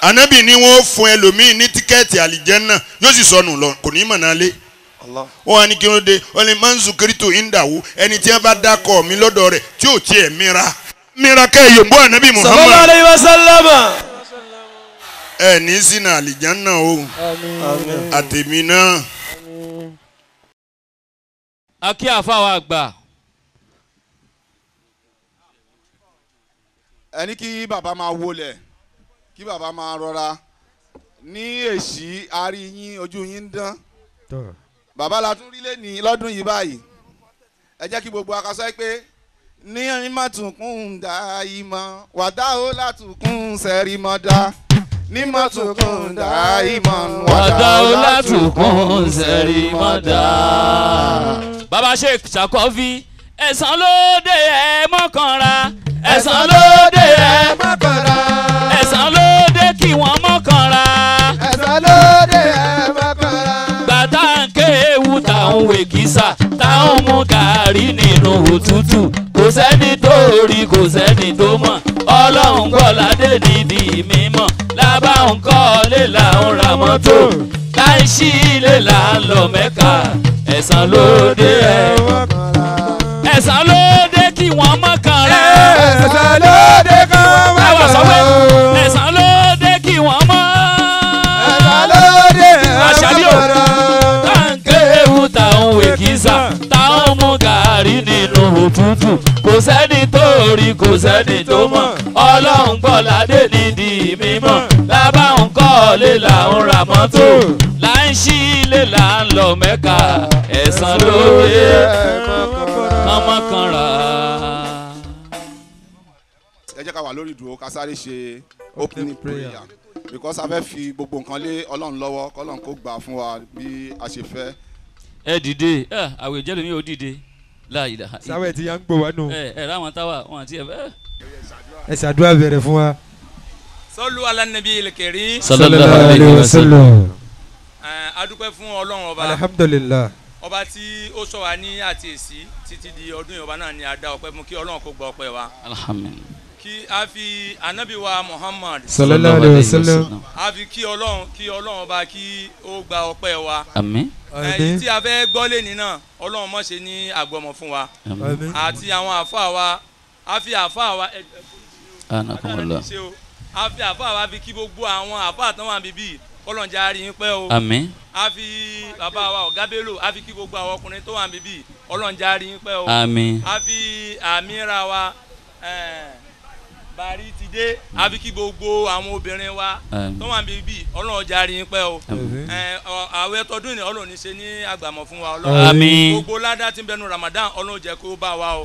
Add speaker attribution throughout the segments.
Speaker 1: anabi ni wọn fún ẹlòmíì ní tíkẹ́ẹ̀tì àlìjẹ́nà yóò sì sọnù lọ kò ní mọ̀ náà lé wọn á ní kí ló dé wọn lè máa ń zukiritu ẹni tí wọn bá dákọ mi lọ́dọ̀ rẹ̀ tí ò tiẹ̀ mira mira kẹ́ ẹ̀ yòǹbó anabi muhammad. sallallahu alayhi wa sallam. ẹ ní sínú àlìjẹ́nà o àtẹ̀mí náà.
Speaker 2: akí
Speaker 3: àfàwọn àgbà. ẹni kí bàbá máa wọlé kí bàbá máa rọra ní èsì àárí yín ojú yín ń dán bàbá la tún rí lẹ́ni lọ́dún yìí báyìí ẹ jẹ́ kí gbogbo akásá pé ní ìmọ̀túnkún dá ìmọ̀ wàdá ó látùkún sẹ́rí mọ́ dá ní mọ̀túnkún dá ìmọ̀ wàdá ó látùkún sẹ́rí mọ́ dá. bàbá
Speaker 2: ṣe ṣàkọ́fí ẹ̀sán ló dé ẹ̀ mọ́kànra ẹ̀sán ló dé ẹ̀ mọ́kànra ẹ̀san ló dé kí wọ́n mọ́kànra. ẹ̀san ló dé ẹ̀ mọ́kànra. gbàtà ń ké ewu táwọn wèkísà táwọn mú gàárì nínú òtútù kò sẹ́ni tó rí kò sẹ́ni tó mọ̀ ọlọ́run gbọ́ ládé nídìí mímọ́ lábá ń kọ́ lé làwọn ra mọ́tò láì sí ilé là ń lọ mẹ́ka ẹ̀san ló dé ẹ̀ mọ́kànra ẹ̀sán ló dé kí wọ́n mọ̀ kan rẹ̀. ẹ̀sán ló dé kí wọ́n mọ̀ kan rẹ̀. ẹ̀sán ló dé kí wọ́n mọ̀. ẹ̀sán ló kí wọ́n mọ̀ rẹ̀. àṣàlíò táǹkì ewu táwọn wèkì sá rí nínú òtútù kò sẹ́ni tó rí kò sẹ́ni tó mọ̀ ọlọ́run gbọ́ ládé nídìí mímọ́ lábá ń kọ́ lé là ń ra mọ́tò là ń ṣí ilé là ń lọ mẹ́ka ẹ̀san lóye ọmọ kan rà
Speaker 3: á jẹ́ ká wà lórí ìdúró ká sáré ṣe opening prayer because a fẹ́ fi gbogbo nǹkan lé ọlọ́run lọ́wọ́ kọ́lọ́run kó gbà fún wa bí a ṣe fẹ́.
Speaker 2: ẹ dìde ah, àwẹ̀ jẹ́lómi ò dìde sáwẹ̀ tí yàn ń gbò wá nù. ẹ eh, ẹ eh, ráwọn táwa wọn àti ẹ bẹ́ẹ̀. ẹ
Speaker 4: ṣàdúrà bẹ̀rẹ̀ fún wa. sọlú
Speaker 2: alánàbí ilẹ̀kẹ̀rí. sallallahu alaihi wasallam. Eh, a fún ọlọ́run ọba. alhamdulillah. ọba tí
Speaker 5: ó sọ wa ní àti èsì títí di ọdún yorùbá náà ni
Speaker 2: a dá ọpẹ́ mú kí ọlọ́run kó gba ọpẹ́ wa. alhamdulillah kí a fi anabi wa muhammad. sallallahu alayhi wa sallam. a fi kí ọlọ́run kí ọlọ́run bá kí ó gba ọpẹ́ wa. àmín. èyí tí a
Speaker 5: fẹ́ gbọ́ lé ní náà ọlọ́run mọ̀ ṣe ní àgbọ̀mọ̀ fún wa. àmín. àti àwọn àfa wa a fi àfa wa.
Speaker 2: anakunmọ̀lá.
Speaker 5: a fi àfa wa fi kí gbogbo àwọn àfa àtàwọn àbíbí ọlọ́run jẹ́ àárín pẹ́ o. àmín. a fi bàbá wa ọ̀gá bello a fi kí gbogbo àwọn ọkùnrin tó wà níbí ọlọ́run jẹ́ àárín pẹ́ o. àmín. a fi àmì ra wa. Eh, Bari ti dé mm. àfi kí gbogbo àwọn obìnrin wa mm. tó wà bíbí ọlọ́run ọjà rí yín o
Speaker 4: mm. mm-hmm. àwẹ̀ tọdún ni ọlọ́run
Speaker 2: ní ṣe ní àgbàmọ̀ fún wa
Speaker 4: ọlọ́run gbogbo
Speaker 5: ládá tí bẹnu Ramadan ọlọ́run jẹ́
Speaker 2: kó bá wa o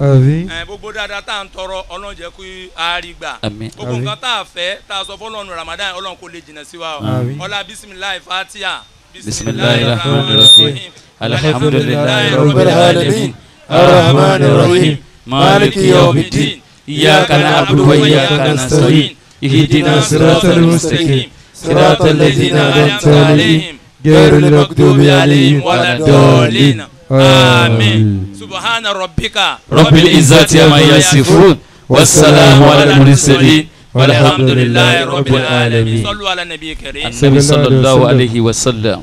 Speaker 2: gbogbo dáadáa tá à ń tọrọ
Speaker 5: ọlọ́run jẹ́ kó ari gbà
Speaker 2: gbogbo nǹkan tá a fẹ́ tá a sọ fọlọ́run Ramadan ọlọ́run kò lè jìnnà sí wa o
Speaker 5: ọlá bisimilayi
Speaker 6: fatiha
Speaker 2: bisimilayi rahman alhamdulilayi rabbil alamin maliki yawmiddin. إياك نعبد وإياك نستعين اهدنا صراط
Speaker 4: المستقيم صراط الذين أنعمت عليهم غير المغضوب عليهم ولا الضالين آمين سبحان
Speaker 2: ربك رب العزة عما يصفون والسلام على المرسلين والحمد لله رب العالمين صلوا على النبي الكريم صلى الله عليه وسلم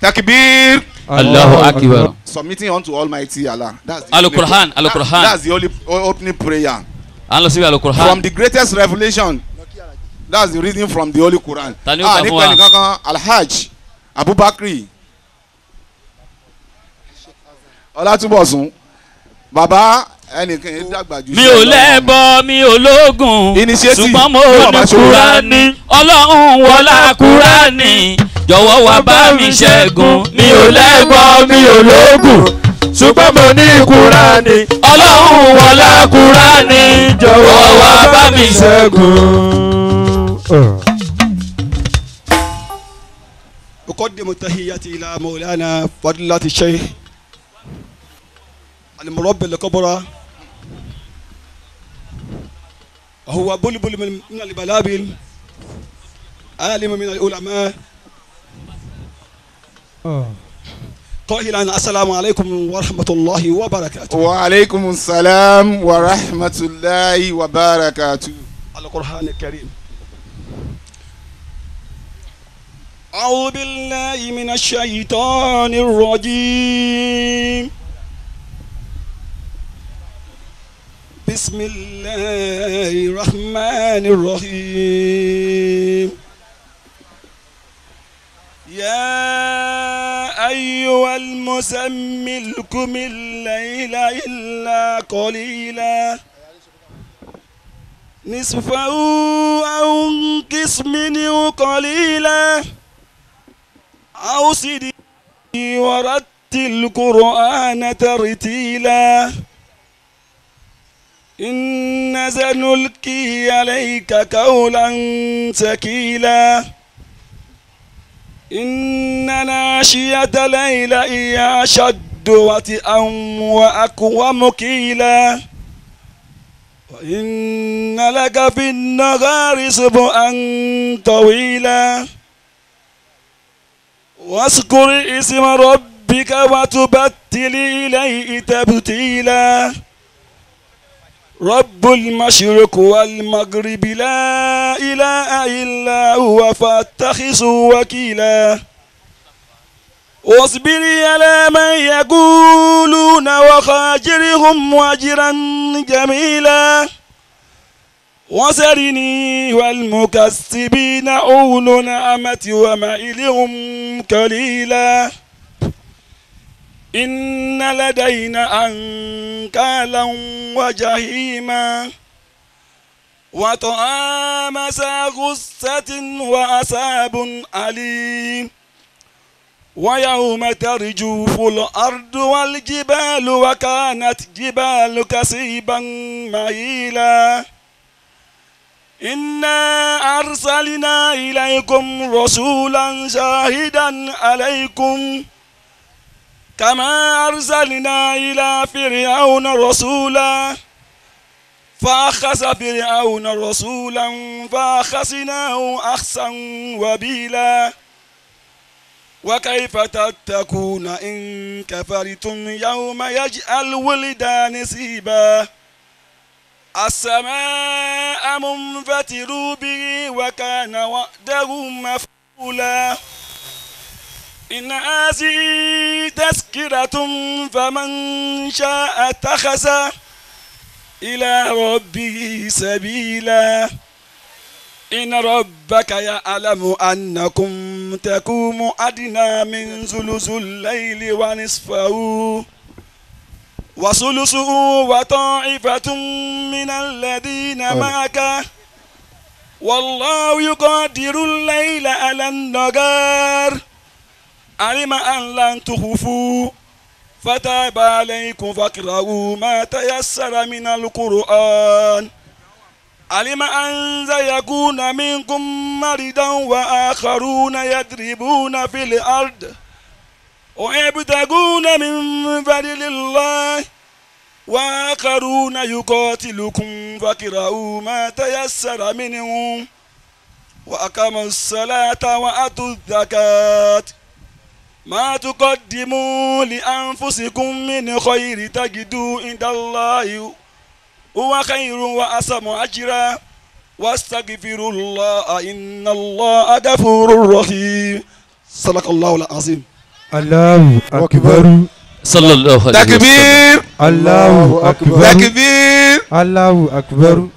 Speaker 3: تكبير الله أكبر. Submitting unto Almighty Allah. That's the Al-Quran. Al-Quran. That's the only opening prayer à lọ síbi alukur'an. from the greatest revelation that's the reading from the holy quran. tani o ka ah, fún wa ah nípa nìkankan alhaj abubakri ọlátúbọ̀sún bàbá ẹnìkan yẹn dàgbà jù. mi ò lẹ́bọ mi ò lóògùn
Speaker 2: ṣùgbọ́n mo ní kúránì ọlọ́run wọlá kúránì jọ̀wọ́ wá bá mi ṣẹ́gun mi ò lẹ́bọ mi ò lóògùn ṣùgbọ́n mo
Speaker 4: ní kúránì ọlọ́run wọlá kúránì jọ̀wọ́ wá bá mi ṣẹ́gun.
Speaker 5: أقدم تحياتي إلى مولانا فضيلة الشيخ المربي الكبرى هو بلبل من البلابل عالم من العلماء
Speaker 3: قائلا السلام عليكم ورحمة الله وبركاته وعليكم السلام ورحمة الله وبركاته القرآن الكريم
Speaker 5: أعوذ بالله من الشيطان الرجيم بسم الله الرحمن الرحيم يا أيها المسمي الليل إلا قليلا نصفه أو انقص منه قليلا أو سدي ورتل القرآن ترتيلا إن سنلقي عليك قولا ثقيلا إن ناشية ليل هي أشد وطئا وأقوم كيلا وإن لك في النهار سبعا طويلا واذكر اسم ربك وتبتل إليه تبتيلا رب المشرق والمغرب لا إله إلا هو فاتخذه وكيلا واصبر على من يقولون وخاجرهم واجرا جميلا وسرني والمكسبين أول نعمة ومائلهم قليلا إن لدينا أنكالا وجهيما وطعام ذا غصة وأصاب أليم ويوم ترجوف الأرض والجبال وكانت جبال كسيبا مهيلا إنا أرسلنا إليكم رسولا شاهدا عليكم كما أرسلنا إلى فرعون رسولا فأخذ فرعون رسولا فأخذناه أخسا وبيلا وكيف تتكون إن كفرتم يوم يجعل ولدان سيبا السماء منفتر به وكان وعده مفعولا إن هذه تذكرة فمن شاء اتخذ إلى ربه سبيلا إن ربك يعلم أنكم تقوم أدنى من ثلث الليل ونصفه وثلثه وطائفة من الذين معك والله يقدر الليل على النَّجَارِ alima anlan tuhufu fataba alaykum fakirahu ma tayassara minal qur'an alima an sayakuna minkum maridan wa akharuna yadribuna fil ard ويبتغون من فضل الله وآخرون يقاتلكم فاقرؤوا ما تيسر منهم وأقاموا الصلاة وأتوا الزكاة ما تقدموا لأنفسكم من خير تجدوا عند الله هو خير وأسم أجرا واستغفروا الله إن الله غفور رحيم صدق الله العظيم
Speaker 4: الله أكبر صلى الله عليه وسلم تكبير الله أكبر تكبير الله أكبر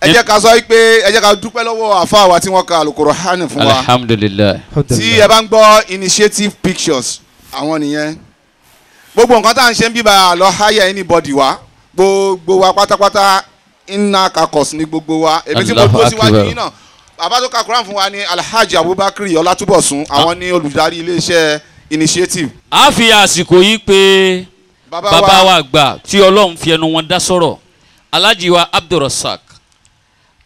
Speaker 3: ẹ jẹ́ ká sọ pé ẹ jẹ́ ká dúpẹ́ lọ́wọ́ àfa wa tí wọ́n ka Al-Qur'an fún wa
Speaker 6: alhamdulilayi
Speaker 3: tí ẹ bá ń gbọ́ initiative pictures àwọn nìyẹn gbogbo nǹkan tá à ń ṣe ń bíbá lọ hire anybody wa gbogbo wa pátápátá iná kakọ̀s ní gbogbo wa èmi tí mo dúró síwájú yín náà bàbá tó ka Qur'an fún wa ni Alhaji Abubakar Ọlátúbọ̀sún àwọn ní olùdarí iléeṣẹ́ initiative. a fi àsìkò yìí pé bàbá
Speaker 2: wa àgbà tí Ọlọ́run fi ẹnu wọn dá sọ̀rọ̀
Speaker 3: Alhaji wa Abdulrasaq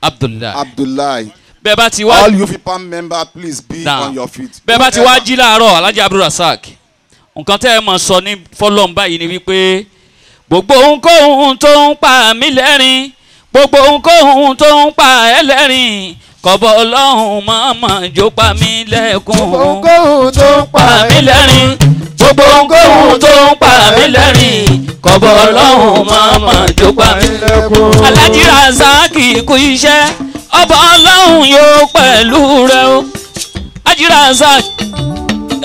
Speaker 3: abdullahi. abdullahi. bẹ́ẹ̀ bá ti wá. all you fipa member please be nah. on your feet.
Speaker 2: bẹ́ẹ̀ bá ti wá jí láàárọ̀ alhaji abdulrasaq nǹkan tẹ́ ẹ mọ̀ sọ ní fọlọ́n báyìí ni wípé gbogbo ohunkóhun tó ń pa mí lẹ́rìn gbogbo ohunkóhun tó ń pa ẹ́ lẹ́rìn kọ̀bọ̀ ọlọ́run mọ̀ọ́mọ̀ jó pa mí lẹ́kùn. gbogbo ohunkóhun tó ń pa mí lẹ́rìn gbogbo ohunkóhun tó ń pa mí lẹ́rìn kọ́bọ̀ ọlọ́run máa mà jópa alájí razaki kú iṣẹ́ ọba ọlọ́run yóò pẹ̀lú rẹ o alájí razaki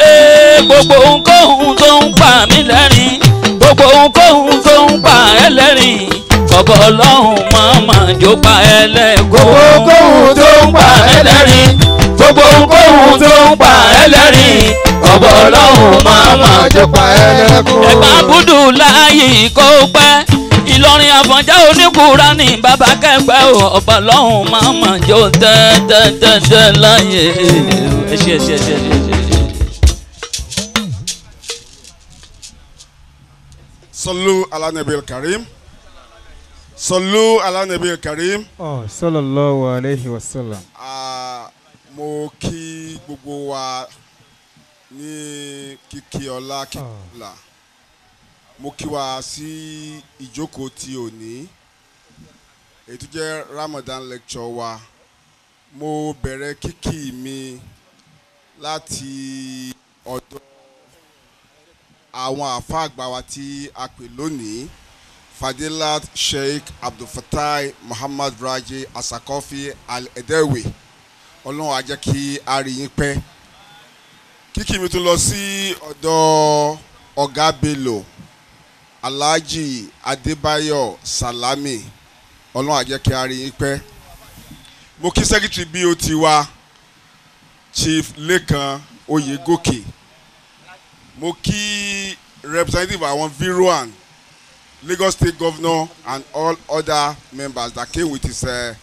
Speaker 2: eh, gbogbo ohunkóhun tó ń pa mí lẹ́rìn gbogbo ohunkóhun tó ń pa ẹ́ lẹ́rìn kọ́bọ̀ ọlọ́run máa mà jópa ẹlẹ́kọ̀ọ́ gbogbo ohunkóhun tó ń pa ẹ́ lẹ́rìn gbogbo ohunkóhun tó ń pa ẹlẹ́rìn ọ̀bọ̀ ọlọ́run máa máa jẹ́ pa ẹlẹ́kùn. ẹ̀gbá búdù láàyè kó pẹ́ ìlọrin àfọ̀njá oníkùúra ní bàbá kẹgbẹ́ o ọ̀bọ̀ ọlọ́run máa máa jó tẹ́tẹ́tẹ́tẹ́ láyè
Speaker 7: sọlú alanabil karim sọlú alanabil karim.
Speaker 8: ọ sọlọ lọ wàlẹ́hìn wàsálàm
Speaker 7: mo kí gbogbo wa ní kíkí ọlá kíkìlá ah. mo kí wa sí ìjókòó ti òní èyí tó Ramadan lecture wa mo bẹ̀rẹ̀ kíkí mi láti ọ̀dọ̀ àwọn àfa àgbà wa tí a pè lónìí Fadilat Sheikh Abdulfatai Muhammad Raji Asakofi Al-Edewi. al edewi ọlọ́run á jẹ́ kí a rí yín pẹ́ kíkì mi tún lọ sí ọ̀dọ̀ ọ̀gá bello alhaji adébáyọ̀ salami ọlọ́run á jẹ́ kí a rí yín pẹ́ mo kí sẹ́kítírì bí ó ti wá chief lẹ́kan Oyegoke, mo kí representative àwọn viroan lagos state governor and all other members that came with his uh,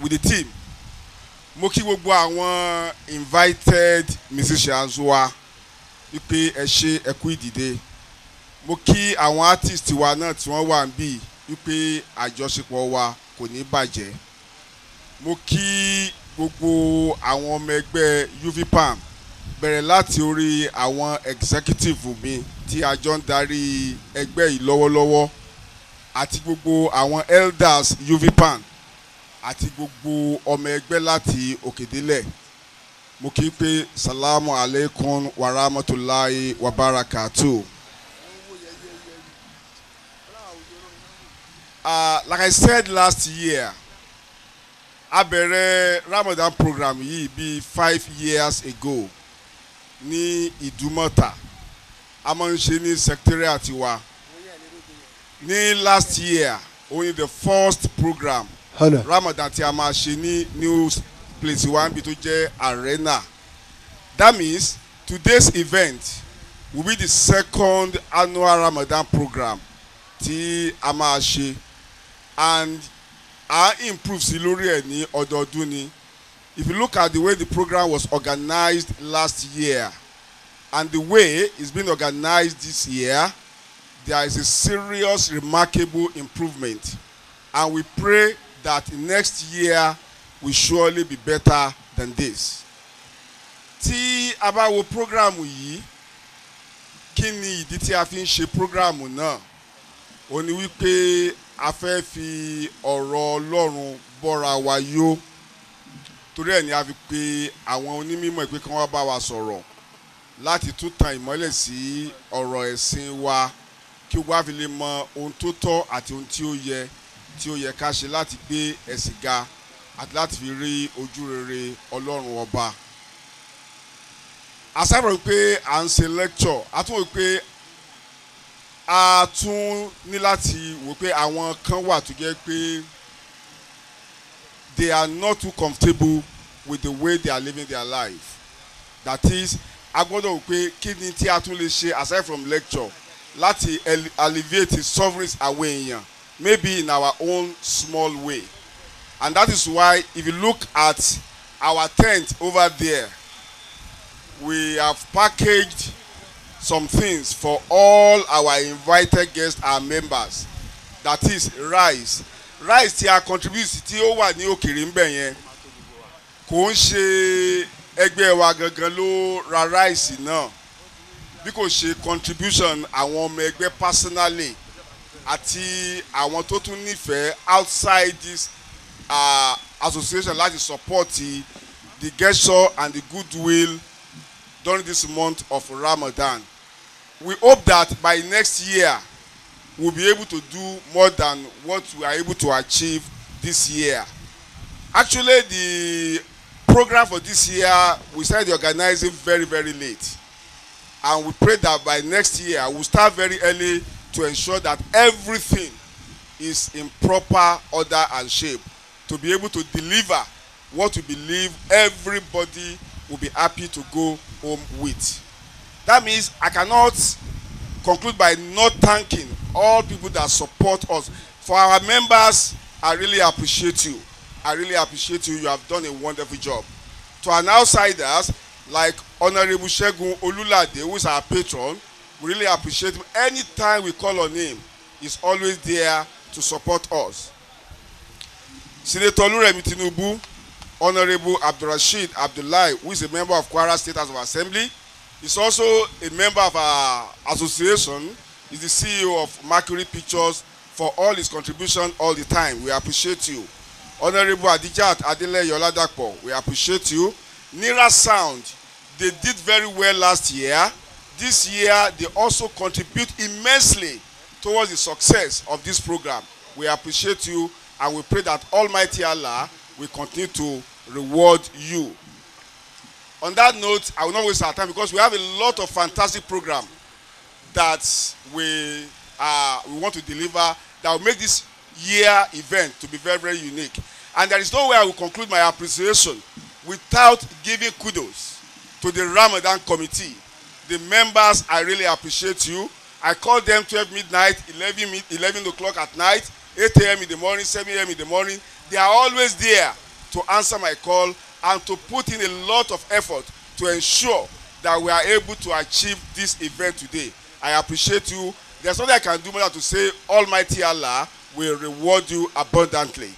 Speaker 7: with the team mo kí gbogbo àwọn invited musicians wa wípé ẹ ṣe ẹ kú ìdìde mo kí àwọn artist wa náà tí wọ́n wà ń bì wípé àjọṣepọ̀ wa kò ní bàjẹ́ mo kí gbogbo àwọn ọmọ ẹgbẹ́ UVPAM bẹ̀rẹ̀ láti orí àwọn executive mi tí a jọ ń darí ẹgbẹ́ yìí lọ́wọ́lọ́wọ́ àti gbogbo àwọn elders UVPAM àti gbogbo ọmọ ẹgbẹ́ láti òkè mo kí pé salamu aleykum wa rahmatulahi wa barakatu. Uh, ah, like I said last year a Ramadan program yìí bíi five years ago ní Ìdúmọ̀tà a máa ń ṣe ní secretariat wa ní last year only the first program ramadan Ti a máa ṣe ní new place wa níbi tó jẹ́ arena that means today's event will be the second annual ramadan program Ti a máa ṣe and a improve sí lórí ẹ̀ ní ọdọọdún ni if you look at the way the program was organized last year and the way it's been organized this year there is a serious remarkable improvement and we pray that next year will surely be better than this. Tí a bá wo programu yìí, kí ni ìdí tí a fi ń ṣe programu náà? Ó ní wípé a fẹ́ fi ọ̀rọ̀ Ọlọ́run bọ́ra wa yó. Torí ẹ̀ ni a fi pe àwọn onímọ̀ pé kí wọ́n bá wa sọ̀rọ̀ láti tún tan ìmọ́lẹ̀ sí ọ̀rọ̀ ẹ̀sìn wa kí wọ́n á lè mọ ohun tó tọ́ àti ohun tí ó yẹ tí ó yẹ ká ṣe láti gbé ẹ̀sìn ga àti láti fi rí ojú rere ọlọ́run ọba asáró pé à ń ṣe lecture a tún wò pé a tún ní láti wò pé àwọn kan wà tó jẹ́ pé they are not too comfortable with the way they are living their life that is a gbọ́dọ̀ wò pé kí ni tí a tún lè ṣe aside from lecture láti alleviate sufferings àwọn èèyàn maybe in our own small way. And that is why, if you look at our tent over there, we have packaged some things for all our invited guests and members. That is rice. Rice tí a contribute tí ó wà ní òkèèrè ń bẹ̀ yẹn kò ń ṣe ẹgbẹ́ wa gangan ló ra rice náà bí kò ṣe contribution àwọn ọmọ ẹgbẹ́ personally àti àwọn tó tún nífẹ̀ẹ́ outside this uh, association láti support the gesture and the goodwill during this month of Ramadan. We hope that by next year we'll be able to do more than what we are able to achieve this year. Actually, the program for this year, we started organizing very, very late. And we pray that by next year, we'll start very early to ensure that everything is in proper order and shape to be able to deliver what we believe everybody will be happy to go home with. That means I cannot conclude by not thanking all people that support us. For our members, I really appreciate you. I really appreciate you. You have done a wonderful job. To our outsiders, like Honorable Shegun Olulade, who is our patron, We really appreciate him. Anytime we call on him, he's always there to support us. Senator Oluremi Tinubu, Honorable Abdulrasheed Abdullahi, who is a member of Kwara State House of Assembly, is also a member of our association. He's the CEO of Mercury Pictures for all his contribution all the time. We appreciate you. Honorable Adijat Adeleye Oladapo, we appreciate you. Nira Sound, they did very well last year. this year they also contribute immensely towards the success of this program. We appreciate you and we pray that Almighty Allah will continue to reward you. On that note, I will not waste our time because we have a lot of fantastic program that we, uh, we want to deliver that will make this year event to be very, very unique. And there is no way I will conclude my appreciation without giving kudos to the Ramadan committee The members, I really appreciate you. I call them 12 midnight, 11, 11 o'clock at night, 8 a.m. in the morning, 7 a.m. in the morning. They are always there to answer my call and to put in a lot of effort to ensure that we are able to achieve this event today. I appreciate you. There's nothing I can do more than to say Almighty Allah will reward you abundantly.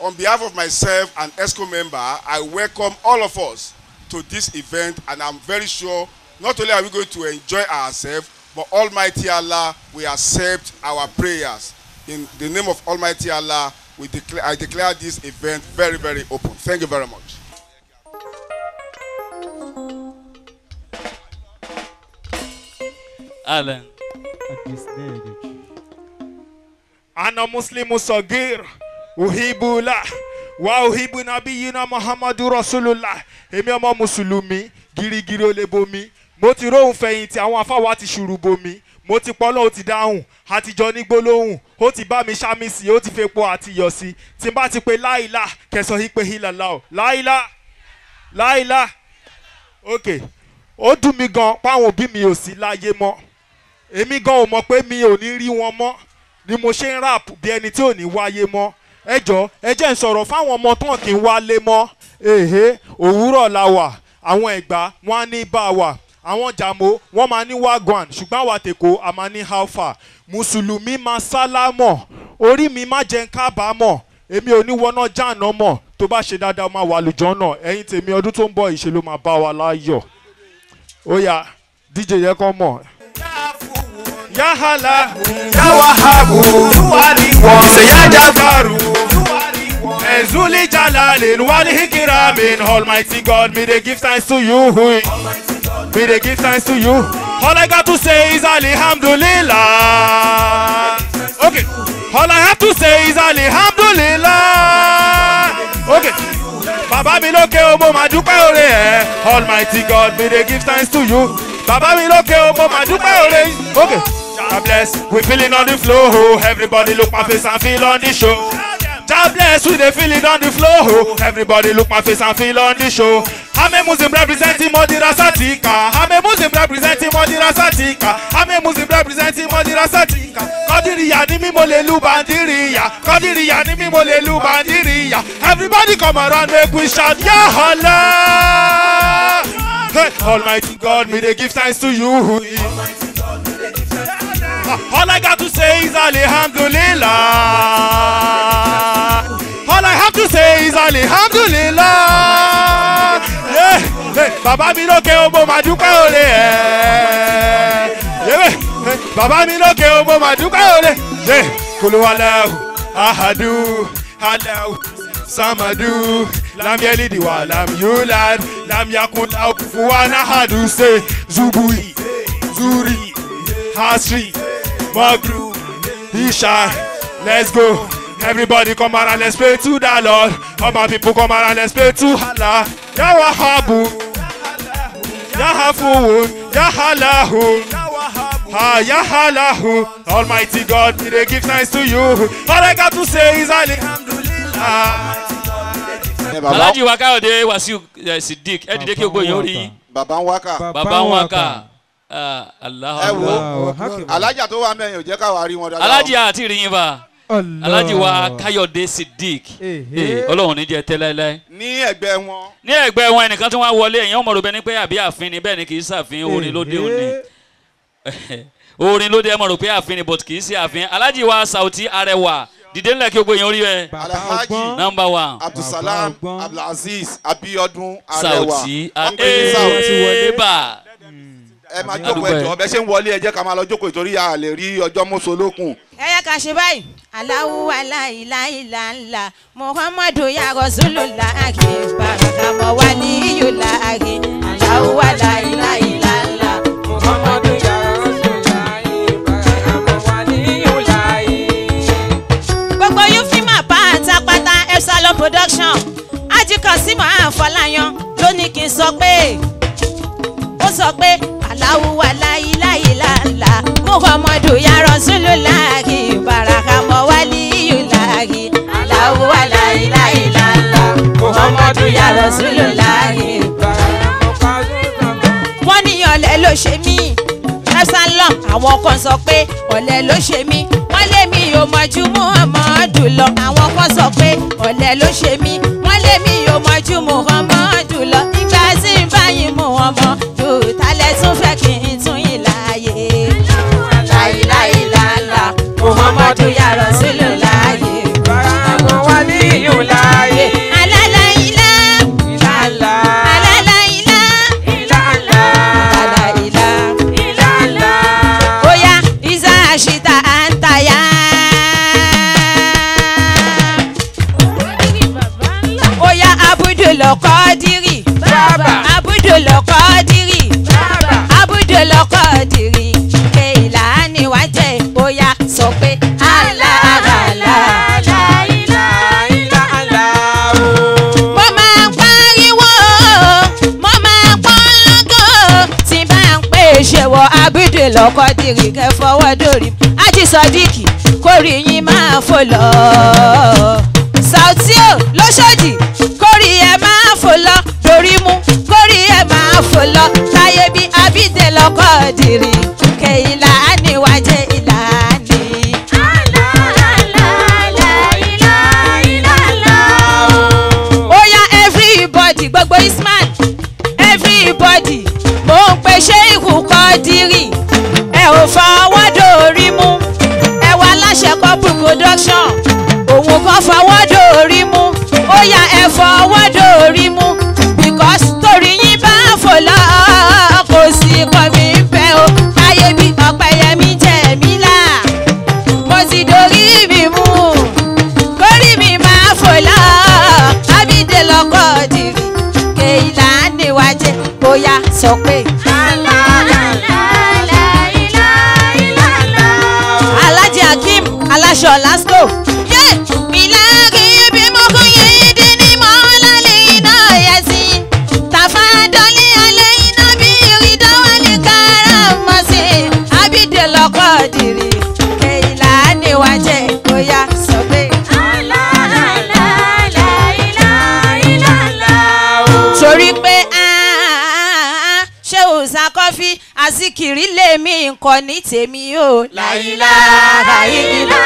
Speaker 7: On behalf of myself and ESCO member, I welcome all of us to this event and I'm very sure Not only are we going to enjoy ourselves, but Almighty Allah we accept our prayers. In the name of Almighty Allah, we declare, I declare this event very, very open. Thank you very much.
Speaker 8: Alan. Ana Muslimu صغير uhibula wa uhibu nabi yina Muhammadu Rasulullah. Emi ama mùsùlùmí giri ó lè ó ti róhun fẹ̀yìntì àwọn afáwa ti ṣùrùbò mi mo ti pọ́ lóhùn ti dáhùn àtijọ́ ní gbólóhùn ó ti bá mi ṣámi sí ó ti fepo àti yọ̀ sí tí n bá ti pe láìlá kẹsàn yìí pé hílàlá o láìlá láìlá ok ó dùn mí gan páwọn òbí mi ò sí láyé mọ́ èmi gan ò mọ̀ pé mi ò ní rí wọn mọ́ ni mo ṣe ń rap bí ẹni tí ò ní wáyé mọ́ ẹ jọ ẹ jẹ́ ń sọ̀rọ̀ fáwọn ọmọ tán kì í wálé mọ́ èhé òwúrọ̀ la wà àwọn ẹ̀gbá wọn á ní bá a wà àwọn jàmbó wọ́n máa ní wagwan ṣùgbọ́n àwa tèkó a máa ní alfa mùsùlùmí máa sálámọ̀ orí mi má jẹ́ ń kábàámọ̀ èmi ò ní wọná jáàná mọ̀ tó bá ṣe dáadáa máa wà lùjọ́ náà ẹ̀yin tèmi ọdún tó ń bọ̀ ìṣe ló máa bá wa láyọ̀ ó yá DJ yẹ kán mọ̀. yahala yawahabu wali wọnse yajabaru ezuli jalale wali hikiramin Almighty God me dey give thanks to you. Almighty We dey give thanks to you. All I got to say is Alhamdulillah. Okay. All I have to say is Alhamdulillah. Okay. Baba mi lókè o, mo dúpẹ́ oore ẹ̀. Almighty God, we dey give thanks to you. Baba mi lókè o, mo dúpẹ́ oore. Okay. God bless. We feeling on the flow. Everybody look my face and feel on the show. God bless we dey feel it on the floor. Everybody look my face and feel on the show. I'm a Muslim representing Modira Satika. I'm a Muslim representing Modira Satika. I'm a Muslim representing Modira Satika. Kọ́dìrìyà ni mí mo lè lu bàndìrìyà. Kọ́dìrìyà ni mí mo lè Everybody come around make we shout Yahala. Almighty God, me they give thanks to you. Almighty God, me they give thanks to you. All I got to say is Alhamdulillah. All I have to say is Alhamdulillah. Yeah. Hey, bàbá mi lókè ọmọ màdúpẹ́ òde ẹ̀. Bàbá mi lókè ole. màdúpẹ́ kulu Kuluwalahu ahadu alahu samadu lam yeli wa lam yulad lam yakun lahu hadu se zubui zuri hasri. Fall through, Let's go. Everybody come out and let's pray to the Lord. All my people come out and let's pray to Allah. Yawahabu, Yahafu, Yahalahu. Ah, Yahalahu, Almighty God, we give thanks to you. All I got to say is Alhamdulillah. Alhaji
Speaker 2: Wakayode Wasiu eh, Siddiq, ẹ dìde kí o gbóyè orí.
Speaker 3: Bàbá ń wákà. Bàbá ń wákà.
Speaker 2: Uh, ẹ wo
Speaker 3: alájà tó wà mẹ́yìn ò jẹ́ káwa rí wọn dáadáa.
Speaker 2: alájà àti ìrìyìn bá alájì wa Káyọ̀dé Siddiq Ọlọ́run ní jẹ́ tẹ́láíláí. ní ẹgbẹ́ wọn. ní ẹgbẹ́ wọn ẹnìkan tí wọ́n wọlé èèyàn mọ̀rọ̀ bẹ́ni pé àbí àfin ni bẹ́ẹ̀ ni kì í ṣàfin orin lóde òní orin lóde ẹ mọ̀rọ̀ pé àfin ni but kì í ṣe àfin alájì wa Sauty Arẹwà dìde ńlẹ̀ kí o gbé èèyàn orí rẹ̀. alhaji nọ́mbà wa.
Speaker 3: abdulsalam abdulaziz Abíọ́dún Arẹwà. Sauty Arẹwà ẹ máa jókòó ẹjọ ọbẹ ṣe ń wọlé ẹ jẹ́ ká máa lọ jókòó ìtorí a lè rí ọjọ́ mọṣọ lókun.
Speaker 9: ẹ yẹ ká ṣe báyìí. aláwo aláìláìlá muhammadu ya rasulullah àgé bàbá mọ wá ní iyùlá àgé aláwo aláìláìlá
Speaker 6: ńlá muhammadu ya rasulullah àgé bàbá mọ wá ní iyùlá àgé.
Speaker 9: gbogbo yúfímà pátápátá epsilon production ajikan sí màá fọláyan ló ní kí n sọ pé ó sọ pé. Allahu wa la ilaha illallah Muhammadu ya Rasulullah baraka mo waliyullah Allahu wa la ilaha illallah Muhammadu ya Rasulullah wọ́n ní ọ̀lẹ́ ló ṣe mí absalom àwọn kan sọ pé ọ̀lẹ́ ló ṣe mí wọ́n lé mi ò mọ̀jú Muhammadu lọ àwọn kan sọ pé ọ̀lẹ́ ló ṣe mí wọ́n lé mi ò mọ̀jú Muhammadu lọ. lọ́kọ́ dìrì kẹ́ fọwọ́ dòrí ájì sọdíkì kórì yín máa fò lọ. Saoty lọ́sọ̀dì kórì ẹ̀ máa fò lọ dorí mú kórì ẹ̀ máa fò lọ táyé bí abídé lọ́kọ́ dìrì kẹ́ ìlà níwájẹ́ ìlà. everybody gbogbo isman everybody mo ń pe ṣé ìkùkọ dírì fa wọ́dọ̀ orí mú ẹ wá láṣẹ production òun kan fa wọ́dọ̀ orí mú ó yá ẹ fọ wọ́dọ̀ orí mú because torí yín bá fò lọ kò sí kọ́ mi fẹ́ o ayé mi ọ̀pẹ yẹn mi jẹ̀ mí là mo ti dorí mi mú kórì mi máa fò lọ ábídé lọ́kọ̀ dìrì kéyìlá níwájẹ́ bóyá sọ pé. zikiri lèmi nǹkan ní tèmi o. láyìlá
Speaker 5: láyìlá.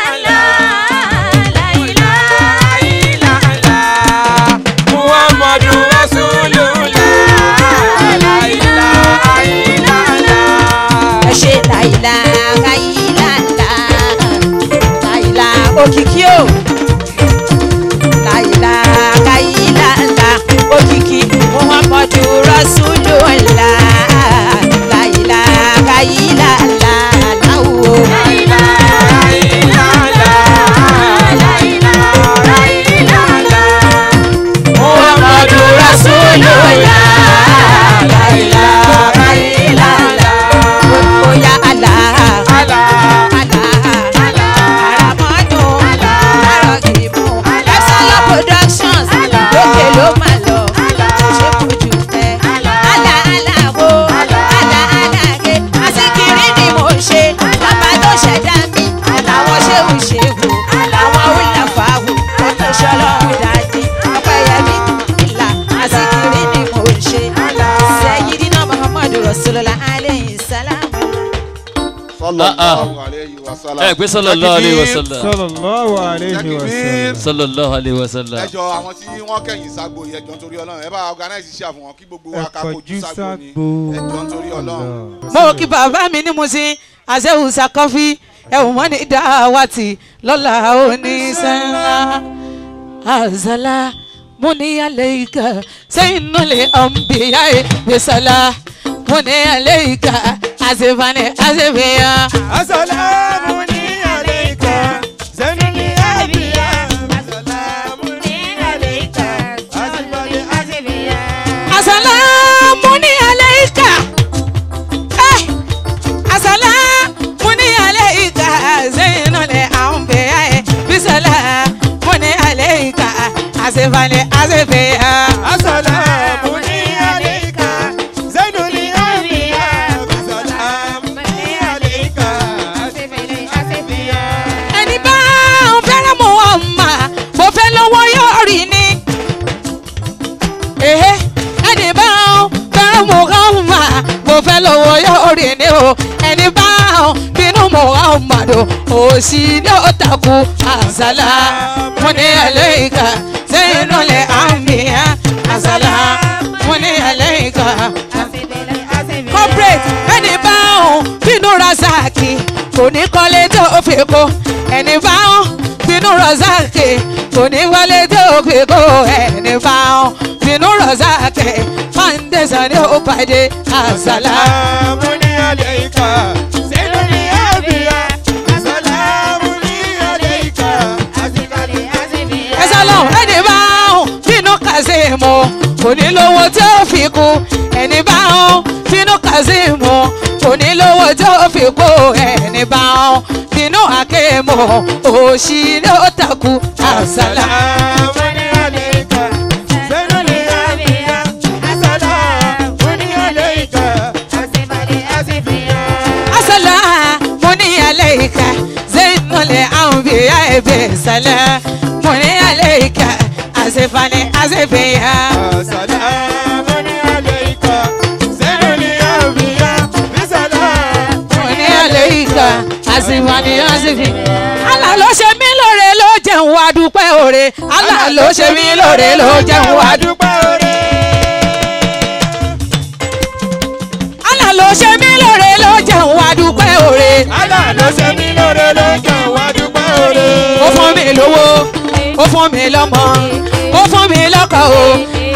Speaker 2: Ah, ah. sallallahu alayhi wa sallam. ẹ gbé sallallahu alayhi wa sallam. sallallahu alayhi wa sallam. sallallahu alayhi wa sallam. ẹ jọ
Speaker 3: àwọn tí wọ́n kẹ̀yìn sagbo yẹn jọ nítorí Ọlọ́run ẹ bá organize iṣẹ́ àfihàn kí gbogbo wa ká
Speaker 4: kojú sagbo ni ẹ jọ nítorí
Speaker 3: Ọlọ́run.
Speaker 6: mo kí bàbá mi ní musin azẹ́hùn sakọ́fí ẹ̀wọ̀n mọ́ni dáwàtì lọ́la oníṣẹ́ńlá àzàlá múniyàlẹ̀ ìkà sẹ́yìn náà lè ọ̀nbíyà ìgbésàlá múniyàlẹ̀ ìkà asifani asifiya. asalaamu ni aleika zanuli abiya. asalaamu eh, ni eh. aleika asifani asifiya. asalaamu ni aleika. asalaamu ni aleika zanuli anbiya. bisalaamu ni aleika asifani asifiya. asalaamu. Osi òsì náà ó takò àzàlà wọn ní alẹ́ ìka sẹ́yìn náà lẹ̀ á mi á àzàlà wọn ní alẹ́ ìka. corporate ẹni bá òun bínú razaki kò ní kọ́lé tó fi kó ẹni bá òun bínú razaki kò ní wọlé tó fi kó ẹni razaki fàǹdẹ̀sán ni ó pàdé àzàlà. wọn ní alẹ́ kò ní lówó tí ó fi kú ẹni bá ń bínú kazeemu kò ní lówó tí ó fi kú ẹni bá ń bínú akéemu òṣì ló takú àṣàlá. عليك زين الأنبياء asifani asifiya. asalaamu aleyka sẹ́yìn àbíyá bisalaam. sẹ́yìn aleyka asifani asifiya. Allah ló ṣe mí lóore ló jẹun wá dúpẹ́ oore. Allah ló ṣe mí lóore ló jẹun wá
Speaker 10: dúpẹ́ oore.
Speaker 6: Allah ló ṣe mí lóore ló jẹun wá dúpẹ́ oore. Allah ló ṣe mí lóore ló jẹun wá dúpẹ́ oore. ó fún mi lówó ó fún mi lọ́mọ ó fún mi lọ́kọ o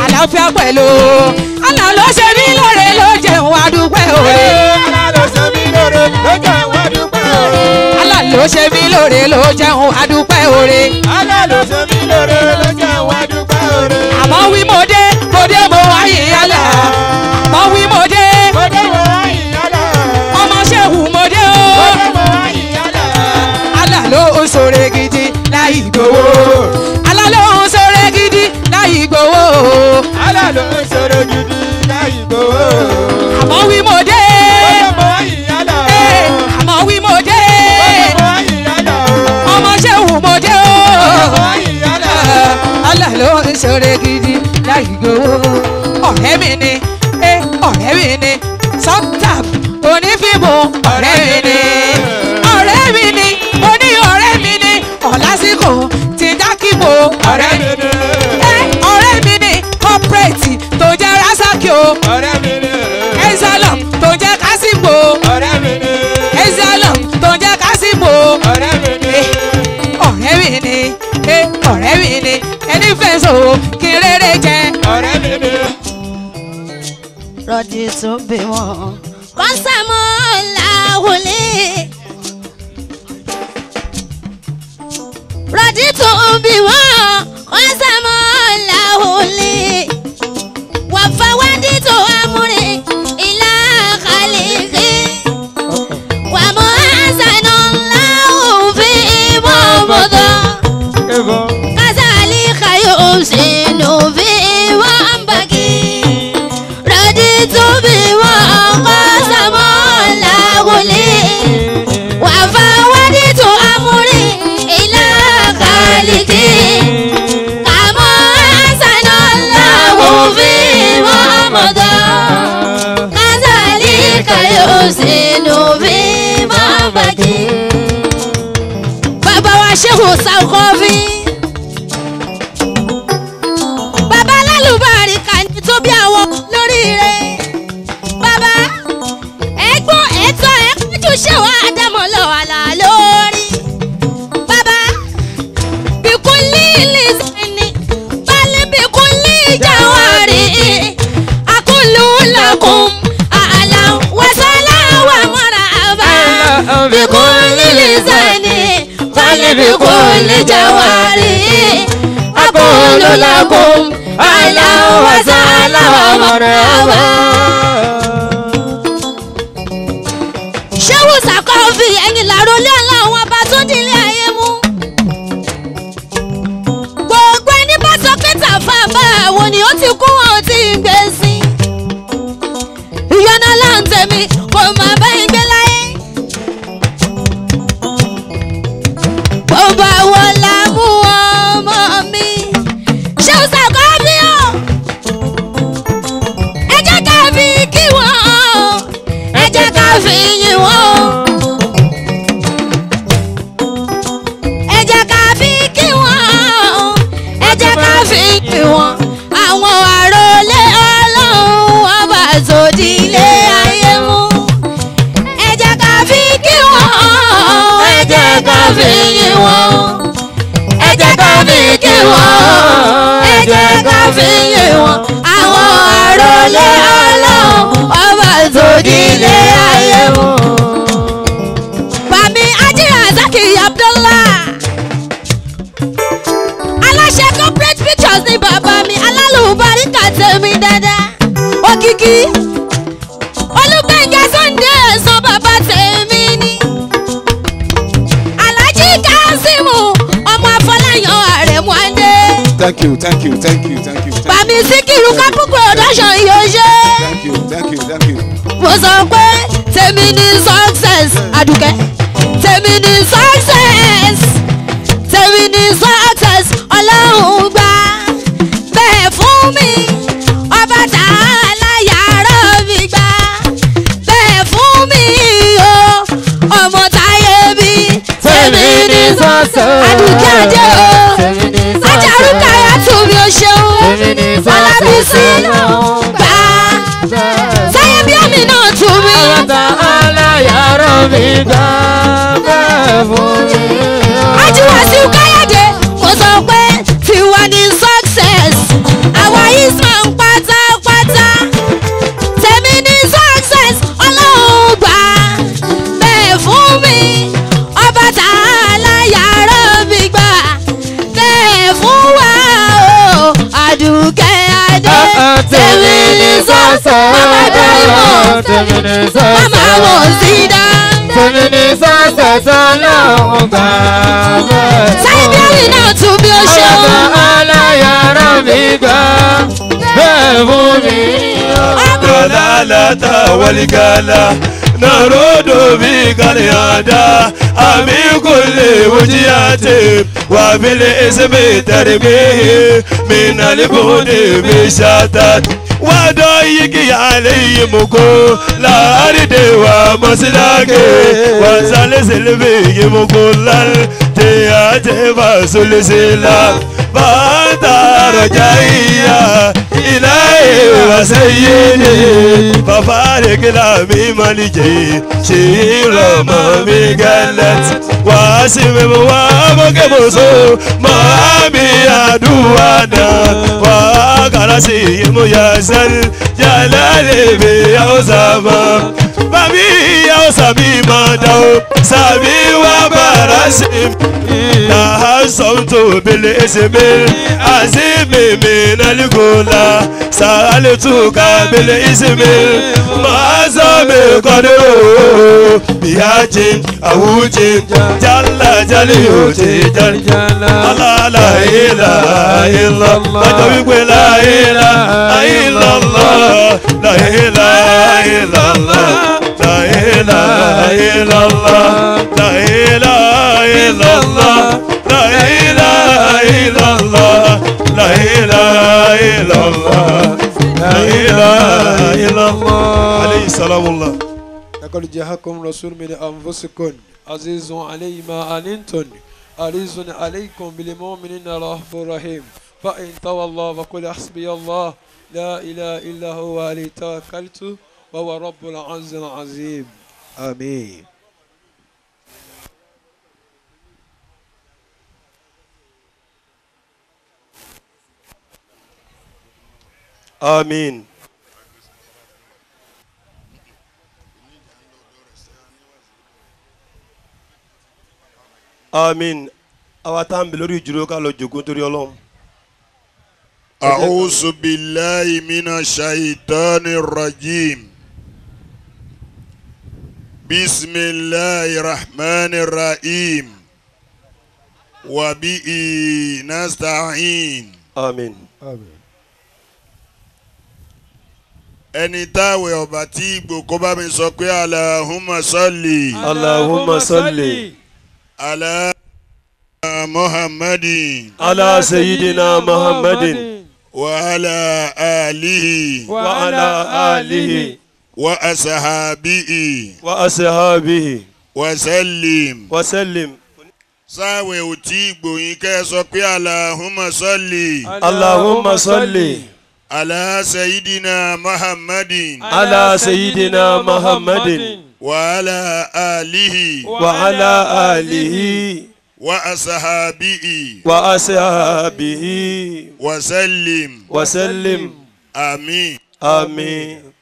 Speaker 6: àlàáfíà pẹ̀lú àlà ló ṣe mí lóore ló jẹun wá dúpẹ́ òre. àlà ló ṣe mí lóore ló jẹun wá dúpẹ́ òre. àlà ló ṣe mí lóore ló jẹun wá òre. àlà ló ṣe mí lóore ló jẹun wá òre. àmọ́ wí mo dé mo dé mo wáyé àlà àmọ́ wí mo dé. ধরে so kí n rere jẹ. ọ̀rẹ́ mi
Speaker 10: ni. rọ́jì tún bímọ. kọ́sàmù làwùlí. rọ́jì tún bímọ. بكل لسان قال بكل جواري أقول لكم أهلا وسهلا ومرحبا
Speaker 3: you thank you thank you thank you.
Speaker 10: Bàbí Síkírù Kákúkú ọ̀dọ́ṣọ̀ ìyóṣe.
Speaker 3: Thank you thank you thank you.
Speaker 10: Mo sọ pé tèmi ni success Adùkẹ́. Tèmi ni success. Tèmi ni success Ọlọ́run gbà bẹ́ẹ̀ fún mi. Ọba tààlà yàrá mi gbà bẹ́ẹ̀ fún mi o. Ọmọ táyé mi tèmi ni success Adùkẹ́ Adé o. fi sínú gbà. Sáyé bí àmì mi. Àgàtà aláyàrá mi gbà bẹ́ẹ̀ fún mi. Ajíwá sí Káyọ̀dé, mo sọ pé tiwa ni success. Àwa Isman pátápátá. Tèmi ni success, ọlọ́run gbà bẹ́ẹ̀ fún mi. Ọba tá aláyàrá mi gbà bẹ́ẹ̀ fún wa tèmi ní sọ́sọ́ màmá dárúkọ tèmi ní sọ́sọ́ màmá wò sí dá tèmi ní sọ́sọ́ sọ́lọ́run gbà mọ́ ẹ̀. sáyẹ́dẹ́rì náà tún bí ó ṣe wọ́n. ọ̀gá aláyàrá mi gbà
Speaker 4: bẹ́ẹ̀ fún mi. ọ̀gá lálátà wọlé gàlá. نرد فيك الهدى أمي كل وجياتي وبالاسم تربيه من البعد بشتات وضيق عليهم كل أرض ومسلك وزلزل بهم كل جاء جبا سلسلة بات رجعية إلهي وسيدي فبارك لا بملجي شير ما بقلت واسم وابك بصو ما بيدوانا وقرسي ميسر جلالي بيوزمك sabi ya sabi ma da o sabi wa bara si mi na ha sọnto bele esebe azi meme naligola salitu ka bele esebe ma sọ mi kọde o biya je awu je jala jali o je jali ala la ila ila ọjọ wípé la ila ila la ila ila. اله الا الله لا اله الا الله لا اله الا الله لا اله الا الله لا اله الا الله
Speaker 8: الله رسول من انفسكم
Speaker 4: عزيز علي ما انتم عزيز عليكم بالمؤمنين رحمه رحيم فان الله فقل حسبي الله لا إله إلا هو عليه توكلت وهو رب العز العظيم Amém. Amém. Amém.
Speaker 1: àwa tá ń bẹ lórí ìdúró ká lọ jòkó torí Ọlọ́run. A'udhu billahi minash shaitani rajim. بسم الله الرحمن الرحيم وبه نستعين آمين آمين ẹni táwẹ̀ ọba tí gbòkó bá mi sọ pé alahuma sọlì. alahuma sọlì. ala muhammadin. ala sayyidina muhammadin. wa ala alihi. wa وأصحابه وأصحابه وسلم وسلم sáwẹ̀ ò tí ì gbòyìn kẹ́ ẹ sọ pé alahuma sọ́lì. alahuma sọ́lì. ala sayidina muhammadin. ala sayidina muhammadin. wa ala alihi. wa ala alihi. wa asahabihi. wa asahabihi. wa sallim. wa sallim. àmín. àmín.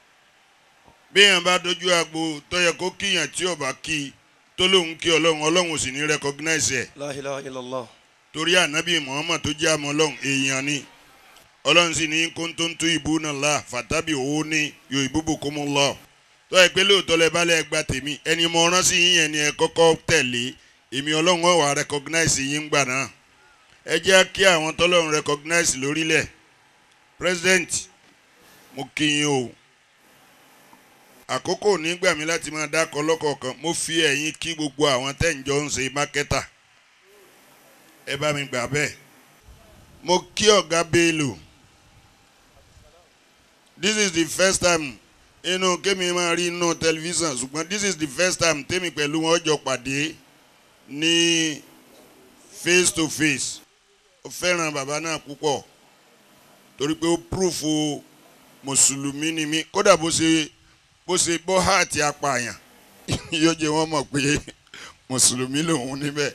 Speaker 1: béèyàn bá dojú agbo tó yẹ kó kíyàn tí ò bá kí tó kí ọlọ́run ọlọ́run ò sì ní recognize ẹ̀. torí ànábì Muhammad tó jẹ́ àmọ́ ọlọ́run èèyàn ni ọlọ́run sì ní kóńtóńtó ìbú náà la fàtàbí òun ní lọ. tó ẹ pé lóòótọ́ lẹ ẹni mọ rán sí yín kọ́kọ́ tẹ̀lé èmi ọlọ́run àkókò nígbà mi láti máa dákọ̀ lọ́kọ̀ọ̀kan mo fi ẹ̀yin kí gbogbo àwọn tẹ́ ń jọ ń ṣe mákẹ́tà ẹ bá mi gbà bẹ́ẹ̀ mo kí ọ̀gá Bello this is the first time inú kémi máa rí inú tẹlifíṣàn ṣùgbọ́n this is the first time tèmi pẹ̀lú wọn jọ pàdé ní face to face ó fẹ́ràn bàbá náà púpọ̀ torí pé ó proof mùsùlùmí ni mí kódà bó ṣe bó ṣe bọ́ háàtì apààyàn yóò jẹ́ wọ́n mọ̀ pé mùsùlùmí lòun níbẹ̀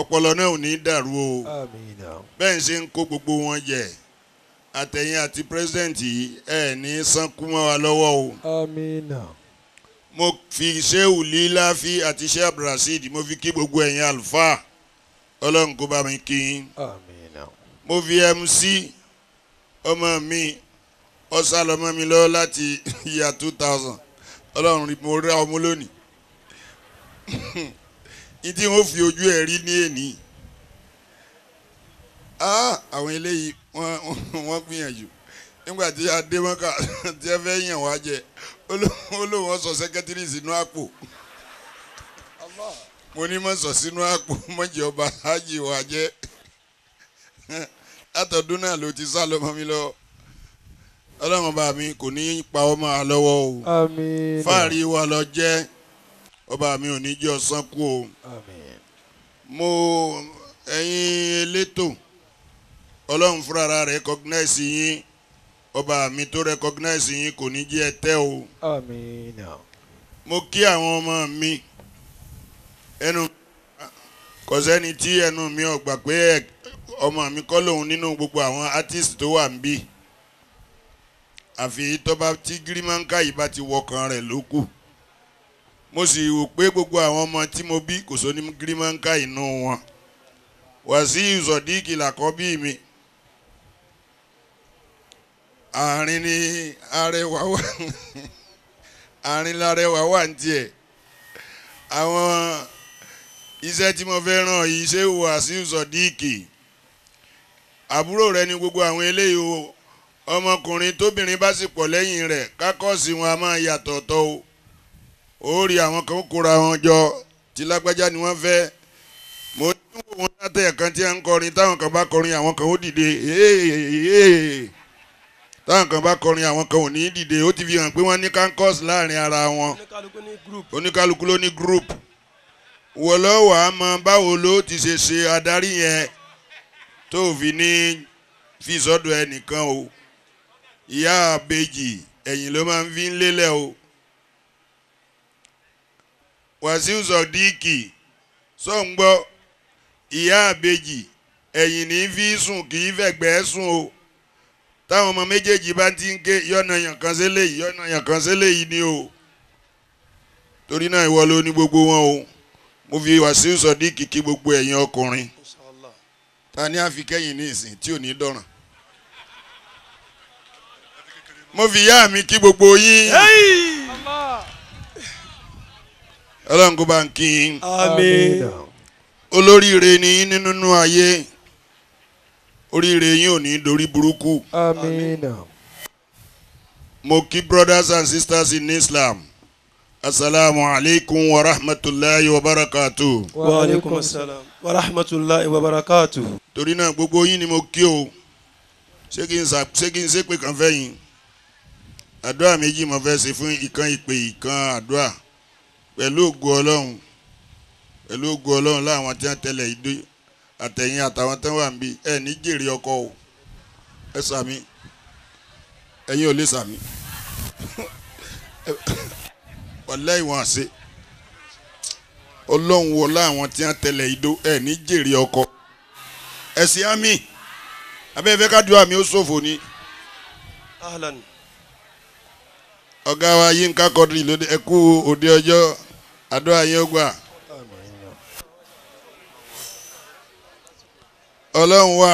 Speaker 1: ọpọlọ náà ò ní dàrú o bẹ́ẹ̀ ṣe ń kó gbogbo wọn jẹ àtẹ̀yìn àti pírẹsidẹ́ǹtì ẹ̀ ní sánkú mọ́ wa lọ́wọ́ o mo fi ṣéwù líláfi àti ṣé abdulrasheed mo fi kí gbogbo ẹ̀yin àlùfáà ọlọ́run kó bá mi kí n mo fi mc ọmọ mi ó sálọ mọ́ mi lọ́wọ́ láti ìyá two thousand ọlọ́run mo rá ọmọ lónìí ní tí wọ́n fi ojú ẹ̀ rí ní èní àwọn eléyìí wọ́n gbìyànjú nígbà tí adémọ́kà tí ẹ fẹ́ yàn wá jẹ olóhùn sọ sẹ́kẹ́tìrì sínú àpò mo ní mọ̀ sọ sínú àpò mọ̀jẹ̀ ọba ajì wá jẹ́ látọ̀dún náà ló ti sá lọ́mọ mi lọ́wọ́ ọlọ́run bá mi kò ní í pa ọ́ máa o fáàrí wa lọ jẹ́ ọba mi ò ní jẹ́ ọ̀sán kú o mo ẹ̀yin elétò ọlọ́run fúnra rẹ̀ recognize yín ọba mi tó recognize yín kò ní jẹ́ ẹ o mo kí àwọn ọmọ mi ẹnu kò tí ẹnu mi ò gbà pé ọmọ mi kọ́ lòun nínú gbogbo àwọn artist tó wà níbí àfi tọ́ba tí gírímọ́ǹkà yìí bá ti wọkàn rẹ̀ ló kù mo sì wò pé gbogbo àwọn ọmọ tí mo bí kò sóní gírímọ́ǹkà inú wọn Wàsíù Sọ̀díkì làkọ́bí mi àárín ni arẹwà wà àárín larẹwà wà ní tiẹ̀ àwọn iṣẹ́ tí mo fẹ́ ràn yìí ṣé Wàsíù Sọ̀díkì àbúrò rẹ ni gbogbo àwọn eléyìí o ọmọkùnrin tóbìnrin bá sì pọ̀ lẹ́yìn rẹ̀ kákọ́ọ̀sì wọn a máa yàtọ̀ tọ́ o ó rí àwọn kan kóra wọn jọ tí lágbájá ni wọ́n fẹ́ mo ní wò wọn látẹ̀ kan tí a ń kọrin táwọn kan bá kọrin àwọn kan ó dìde táwọn kan bá kọrin àwọn kan ò ní dìde ó ti fi hàn pé wọ́n ní kánkọ́ọ̀sì láàrin ara wọn oníkálukú ló ní group wọlọ́wọ́ a mọ báwo ló ti ṣe ṣe adarí yẹn tó fi ní fi sọ́dọ̀ ẹnìkan o. ìyá àbejì ẹ̀yìn ló máa ń fi ń lélẹ̀ o wàsíù sọ̀díìkì sọ̀ǹgbọ́ ìyá àbejì ẹ̀yìn ní fi sùn kì í fẹ̀gbẹ́ o táwọn ọmọ méjèèjì bá ti ń ké yọ̀nà yàn kan kan ni o torí náà ìwọ ló ní gbogbo wọn o mo fi ta ni ní mo fi yá mi kí gbogbo yín. ọlọ́run kó bá ń kí yín. àmín. olóríire ni yín nínú ayé oríire yín ò ní dorí burúkú. àmín. mo kí brothers and sisters in Islam asalaamu aleykum wa rahmatulahi wa barakatu. wa aleykum salaam wa rahmatulahi wa barakatu. torí náà gbogbo yín ni mo kí o ṣé kí n ṣe pé kàn fẹ́ yín àdúrà méjì mo fẹ́ ṣe fún ìkan ìpè ìkan àdúrà pẹ̀lú ògo ọlọ́run pẹ̀lú ògo ọlọ́run láwọn tí wọ́n tẹ̀lé ìdó àtẹ̀yìn àtàwọn tí wọ́n wà níbí ẹ̀ ní jèrè ọkọ o ẹ sàmì ẹ̀yin ò lè sàmì ọ̀lẹ́ ìwọ̀n àṣẹ ọlọ́run wọ láwọn tí wọ́n tẹ̀lé ìdó ẹ̀ ní jèrè ọkọ ẹ̀sìn àmì abẹ́fẹ́ ká àmì ó ṣòfò ni ọ̀gá wa Yínká Quadri lóde ẹ̀kú òde ọjọ́ àdúrà yín ó ọlọ́run wà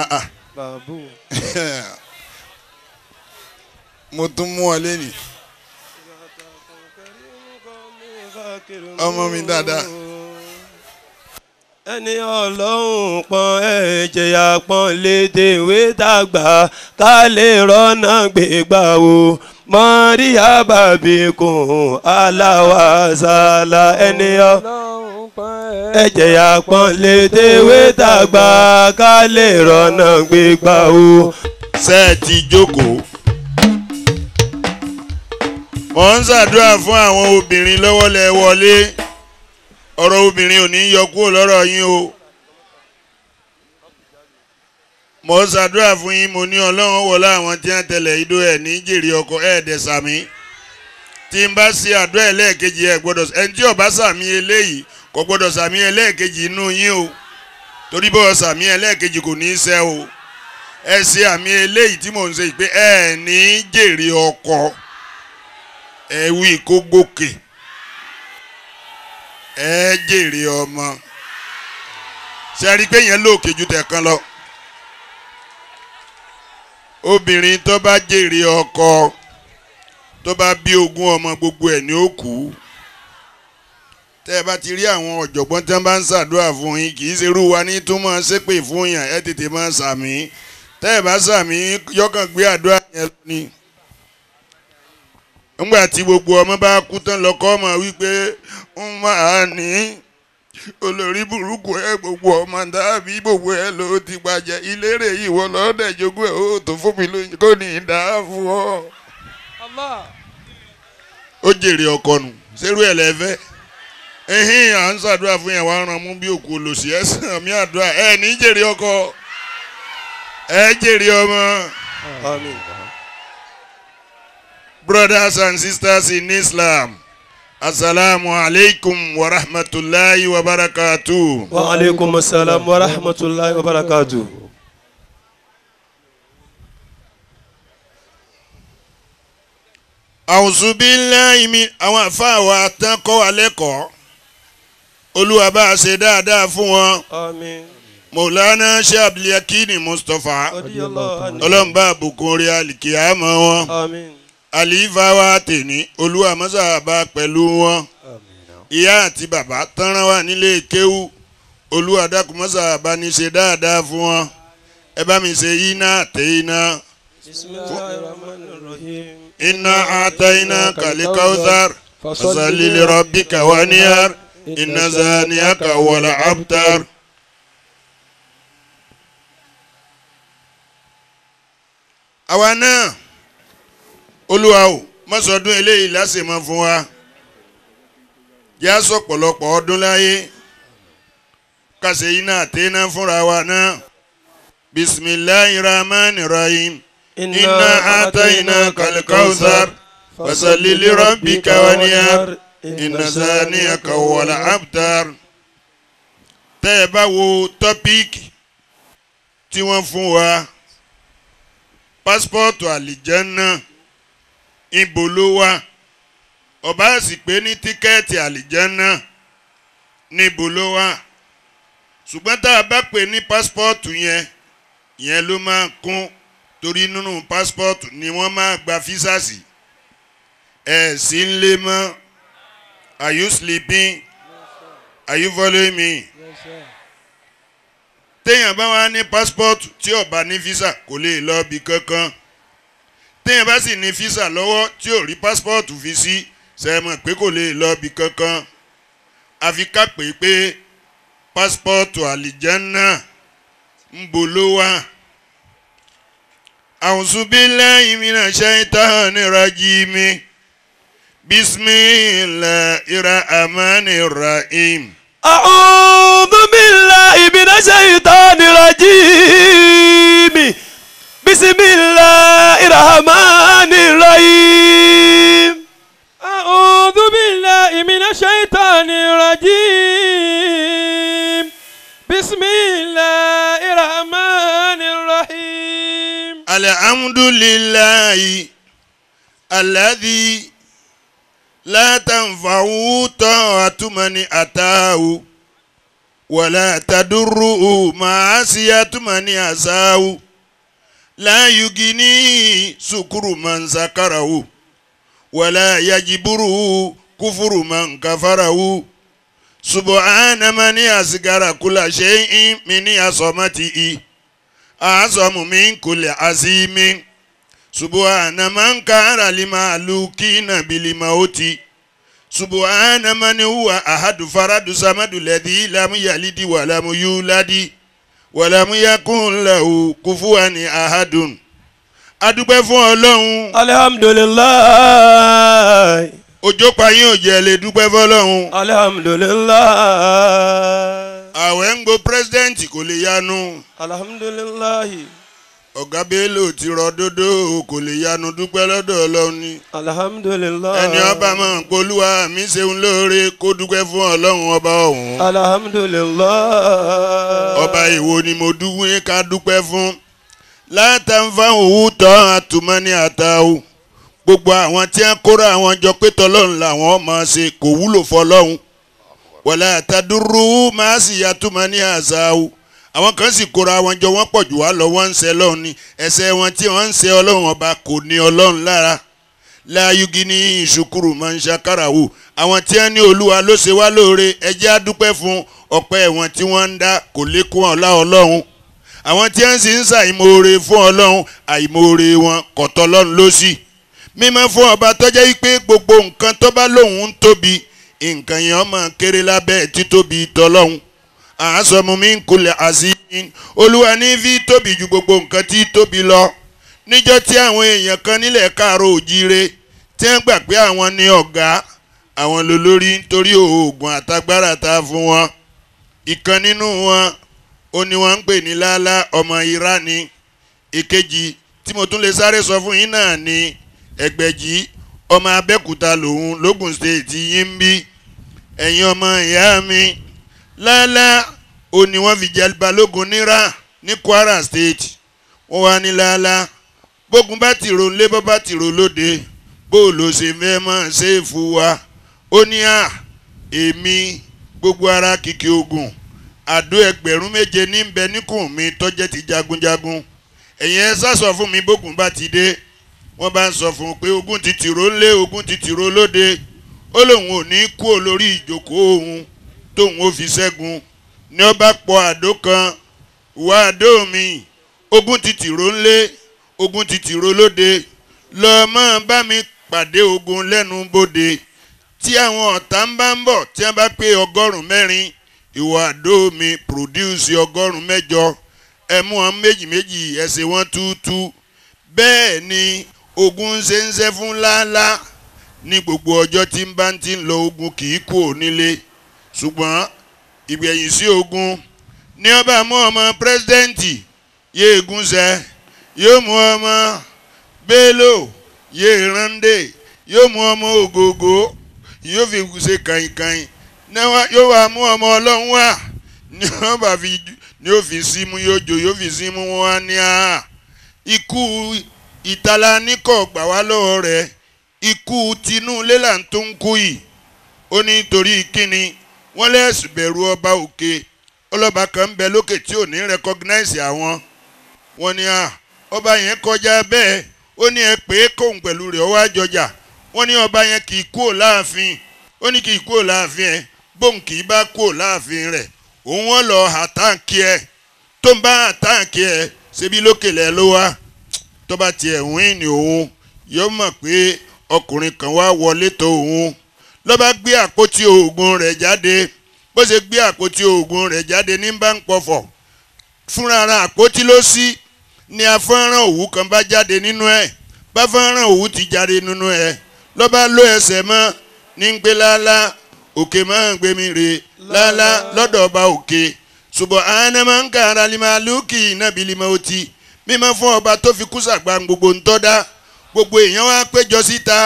Speaker 1: ah, ah. mo tún mú ọ lẹ́nìí ọmọ mi dáadáa
Speaker 4: ẹni ọlọ́run pọ́n ẹ̀jẹ̀ àpọ́n lédèwé dàgbà ká lè rọ́nà gbégbá o mọ́ríyá bàbí kùn aláwàsálà ẹni ọlọ́run pọ́n ẹ̀jẹ̀ àpọ́n lédèwé dàgbà ká lè rọ́nà
Speaker 1: gbégbá o. ṣé ẹ ti jókòó mo ń ṣàdúrà fún àwọn obìnrin lọ́wọ́lẹ́ wọlé. ọ̀rọ̀ obìnrin ò ní yọ kúrò lọ́rọ̀ yín o mo ṣàdúrà fún yín mo ní ọlọ́run àwọn tí wọ́n tẹ̀lé idó ẹ̀ jèrè ọkọ ẹ̀ẹ́dẹ̀ sami tí n bá ṣe àdúrà ẹlẹ́ẹ̀kejì ẹ̀ gbọ́dọ̀ ẹni tí sàmí eléyìí kò gbọ́dọ̀ sàmí o torí bọ́ sàmí ẹlẹ́ẹ̀kejì kò ní o ẹ ṣe àmì eléyìí tí mò ń ṣe pé ní ọkọ wí kó ẹ jèrè ọmọ ṣe rí i pé yẹn lóòkè ju tẹ̀kan lọ obìnrin tó bá jèrè ọkọ tó bá bí ogún ọmọ gbogbo ẹ̀ ní òkú tẹ́ ẹ bá ti rí àwọn ọ̀jọ̀gbọ́n tí wọ́n bá ń ṣàdúrà fún yín kì í ṣe irú wa ní túmọ̀ ṣépè fún yàn ẹ tètè máa ṣàmì tẹ́ ẹ bá ṣàmì yọkàn gbé àdúrà yẹn lọ ni ńgbà tí gbogbo ọmọ bá kú tán lọ́kọ́ ọmọ wípé ń máa ní olórí burúkú ẹ gbogbo ọmọ dàbí gbogbo ẹ ló ti gbàjẹ́ ìlérè ìwọ lọ́dẹ̀ jogún ẹ̀ ó tó fún mi lóyún kò ní í fún ọ. ó jèrè ọkọ nù sẹ́rù ẹ̀ lẹ́fẹ́ ẹ̀hìn à ń ṣàdúrà fún yẹn wàá ràn mú bí òkú olòṣì ẹ̀ sàn àdúrà ẹ̀ ní jèrè ọkọ ẹ̀ jèrè ọmọ brothers and sisters in Islam. Assalamu alaikum wa rahmatullahi wa barakatuh. Wa alaikum assalam wa rahmatullahi wa barakatuh. A'udhu billahi min àwọn àfáà wa tán kọ́ wa lẹ́kọ̀ọ́. Olúwa bá a ṣe dáadáa fún wọn. Àmín. Mọ̀lánà Ṣé Abdulyakin Mustapha. Ọlọ́run bá àbùkù orí àlìkìyàmọ́ wọn àlìfà wa tèmi olúwa mọ́sá bá pẹ̀lú wọn ìyá àti bàbá tánrán wà nílé kéwú olúwa dákun mọ́sá bá ní ṣe dáadáa fún wọn ẹ bá mi ṣe iná àtẹ iná. iná àtẹ iná kàlíkàwùsàr fasalili rọbì kàwáníyàr iná zaniya kàwọlà abtar. àwa náà olúwa o mọ́sọ̀ọ́dún eléyìí lásìmọ́ fún wa jẹ́ àsọ̀pọ̀lọpọ̀ ọdún láyé kàṣẹ iná àtẹ́ná fúnra wa náà bisimilahi rahmani rahim iná àtàyìnà kàlùkàwùsàr fasalili rabbi kawaniyar iná sani akawọlá abtar tẹ́ ẹ bá wo tọ́píìkì tí wọ́n fún wa pásítọ̀tù àlìjẹ́ náà ibo ló wà ọba sì pé ní tíkẹ́ẹ̀tì àlìjánná níbo ló wà ṣùgbọ́n tá a bá pè ní pásítọ̀tù yẹn yẹn ló máa kún torí nínú pásítọ̀tù ni wọ́n máa gba físàsì ẹ̀ sí ń lé mọ́ are you sleeping are you following me. Yes, sir téèyàn bá wá ní pásítọ̀tù tí ó bá ní físà kò lè lọ bí kankan téèyàn bá sì ní físà lọ́wọ́ tí ò rí pásítọ̀tù fi sí sẹ́mọ̀ pé kò lè lọ bí kankan àfi ká pè é pé pásítọ̀tù àlìjánná ń bo ló wà. A'udhu billahi minash shaitani rajim bismillahir rahmanir rahim. A'udhu billahi minash shaitani rajim
Speaker 4: bisimilahi rahmani rahim. a'udhu billahi minash shaitani rajim bisimilahi rahmani
Speaker 1: rahim. alhamdulilayi aladi látàǹfààwù tán àtúmọ̀ni àtàwù wàlá tàdúrú màá sí àtúmọ̀ni àsáwù láyùgì ní sukuru máa ń sakara o yajiburu kúfúrú máa ń kafara o subahánamá kula ṣe ń mi ní asọ́mọ́tì i asọ́mu mi ń kulẹ̀ àsìmí subahánamá ń kára lima lukí nàbìlì máa ó ti subahánamá ní huwa ahadu faradu samadu lẹ́dí lamu yalidi wàlamu yúladi wàlámù yakun lahu kufuwani ahadun adúpẹ́ fún ọlọ́run. alihamudulilayi. òjò payín òjẹ́ lè dúpẹ́ fọlọ́run. alihamudulilayi. àwẹ̀ ń gbo pírẹ́sidẹ́ǹtì kò lè yanu. alihamudulilayi ọ̀gá bello ti rọ dodo kò lè yanu dúpẹ́ lọ́dọ̀ ọlọ́run ni. alhamdulilayi. ẹni ọba mọ̀ polúwa mi ṣeun lóore kó dúpẹ́ fún ọlọ́run ọba ọ̀hún. alhamdulilayi. ọba ìwo ni mo dúwé ká dúpẹ́ fún. látàǹfààhùn tọ́ àtùmọ́ni àtàwù gbogbo àwọn tí wọ́n kóra àwọn jọ pé tọ́lọ́run làwọn máa ṣe kò wúlò fọlọ́run. wọ̀lá àtàdúró máa sì yàtúmọ̀ ní àṣà o àwọn kan sì kóra wọn jọ wọ́n pọ̀ jù wá lọ wọ́n ń ṣe ọlọ́run ni ẹ̀ṣẹ̀ wọn tí wọ́n ń ṣe ọlọ́run ọba kò ní ọlọ́run lára láyúgi ní ìṣukúrú máa ń ṣàkàràwò àwọn tí wọ́n ní olúwa ló ṣe wá lóore ẹ jẹ́ á dúpẹ́ fún ọpẹ́ wọn tí wọ́n ń dá kò lékún ọlá ọlọ́run àwọn tí wọ́n sì ń ṣàìmoore fún ọlọ́run àìmoore wọn kọ̀tọ́ ọlọ́run ló sì mímọ́ fún ọba tọ́jẹ́ wípé gbogbo nǹkan tó bá lóun ń tóbi nǹkan yẹn ọmọ kéré lábẹ́ títóbi tọlọ́run àásọmùmí ń kulẹ̀ àzíyìn olúwa ní fi tóbi ju gbogbo nǹkan tí tóbi lọ níjọ́ tí àwọn èèyàn kan nílẹ̀ káàró òjíire tí wọ́n gbà pé àwọn ní ọ̀gá àwọn lólórí nítorí oògùn àtagbára ta fún wọn ìkan nínú wọn ó ní wọ́n ń pè ní lálá ọmọ irani èkejì tí mo tún lè sáré sọ fún yín náà ni ẹgbẹ̀jì ọmọ abẹ́kúta lòun lógùn state yín bí ẹ̀yin ọmọ ìyá mi lálá ò ní wọ́n fi jẹ balógun níra ní Kwara State wọ́n wá ní lálá bógun bá ti rò ńlé bó bá ti rò lóde bó ló ṣe fẹ́ máa ṣe é fún wa ó ní à èmi gbogbo ara kìkì ogun àdó ẹgbẹ̀rún méje ní bẹ níkùn mi tọ́jẹ́ ti jagunjagun ẹ̀yin ẹ sá fún mi bógun bá ti dé wọ́n bá ń sọ fún un pé ogun ti tìró ńlé ogun ti tìró lóde ó lóun ò ní kú olórí ìjókòó òun tóun ó fi ṣẹ́gun ni ó bá pọ àdó kan wá àdó mi ogun ti tìró ogun ti tìró lóde lọ́ọ́ máa bá mi pàdé ogun lẹ́nu bodè tí àwọn ọ̀tá ń bá ń bọ̀ tí wọ́n bá pé ọgọ́rùn mẹ́rin ìwọ àdó mi produce ọgọ́rùn-ún mẹ́jọ ẹ mú wọn méjì méjì ẹ ṣe wọn túútú bẹ́ẹ̀ ni ogun ṣe ń ṣẹ́ fún láńlá ní gbogbo ọjọ́ tí ń bá ti ń lọ ogun kì í kú ònílé ṣùgbọ́n ìgbẹ̀yìn sí ogun ní ọba mú ọmọ pírẹsidẹ́ǹtì yéègúnṣẹ́ yóò mú ọmọ bello yéèrande yóò mú ọmọ ògògó yóò fi ṣe kàìnkàìn yóò wá mú ọmọ ọlọ́run wá ní ọba fi ní òfin símú yóò jò yóò fi símú wọn á ní à ikú ìtara níkọ̀ gbà wá lọ́wọ́ rẹ̀ ikú tinú lélà tó ń kú yìí ó ní torí kíni wọ́n lẹ́sì bẹ̀rù ọba òkè ọlọ́ba kan ń bẹ lókè tí ò ní rẹkọgnáìsì àwọn wọ́n ní à ọba yẹn kọjá bẹ́ẹ̀ ó ní ẹ pé kóun pẹ̀lú rẹ̀ ó wá wọ́n ní ọba yẹn kì í kúò láàfin ó ní kì í kúò láàfin ẹ bóun kì í bá kúò láàfin rẹ̀ òun wọ́n lọ àtàǹkì ẹ tó ń bá àtàǹkì ẹ ṣebí lókè lẹ ló wá tó bá tiẹ̀ wíìnì òun yóò mọ̀ pé ọkùnrin kan wá wọlé tó òun ló bá gbé àpótí oògùn rẹ̀ jáde bó ṣe gbé àpótí oògùn rẹ̀ jáde ní bá fúnra ara àpótí ló ṣí ni afọ́nrán òwú kan bá jáde nínú ẹ̀ bá fọ́nrán òwú ti jáde nínú ẹ̀ ló bá ló ẹsẹ̀ mọ́ ní gbé lálá òkè máa ń gbé mi rè lálá lọ́dọ̀ ọba òkè ṣùgbọ́n àánẹ́ máa ń kà ara lima lókì nàbí lima otí mímọ́ fún ọba tó fi kú sàgbà gbogbo ń tọ́ da gbogbo èèyàn wá péjọ síta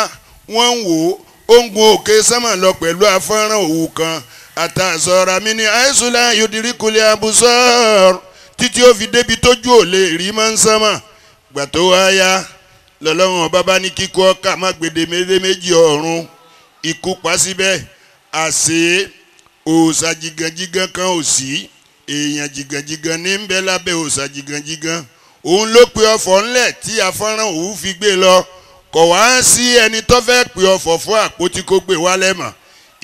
Speaker 1: wọ́n ń wò ó ó ń gun òkè sánmà lọ pẹ̀lú afárán òwú kan àtàzọ́ra mi ní àìsùlá yòdìríkulẹ̀ abusọ́ọ̀rù títí ó fi débi tójú ò lè rí máa ń sánmà gbà tó wá yá lọ́lọ́run ọba bá ní kíkọ́ ká má gbèdé méjì ọ̀run ikú pa síbẹ̀ àṣé òòṣà jìgànjìgàn kan ò sí èèyàn jìgànjìgàn ní ń bẹ lábẹ́ òòṣà jìgànjìgàn òun ló pe ọfọ̀ ńlẹ̀ tí afárán òwú fi gbé lọ kọ̀ wá sí ẹni tó fẹ́ pè ọ̀fọ̀ fún àpótí kó gbé wálẹ̀ mọ̀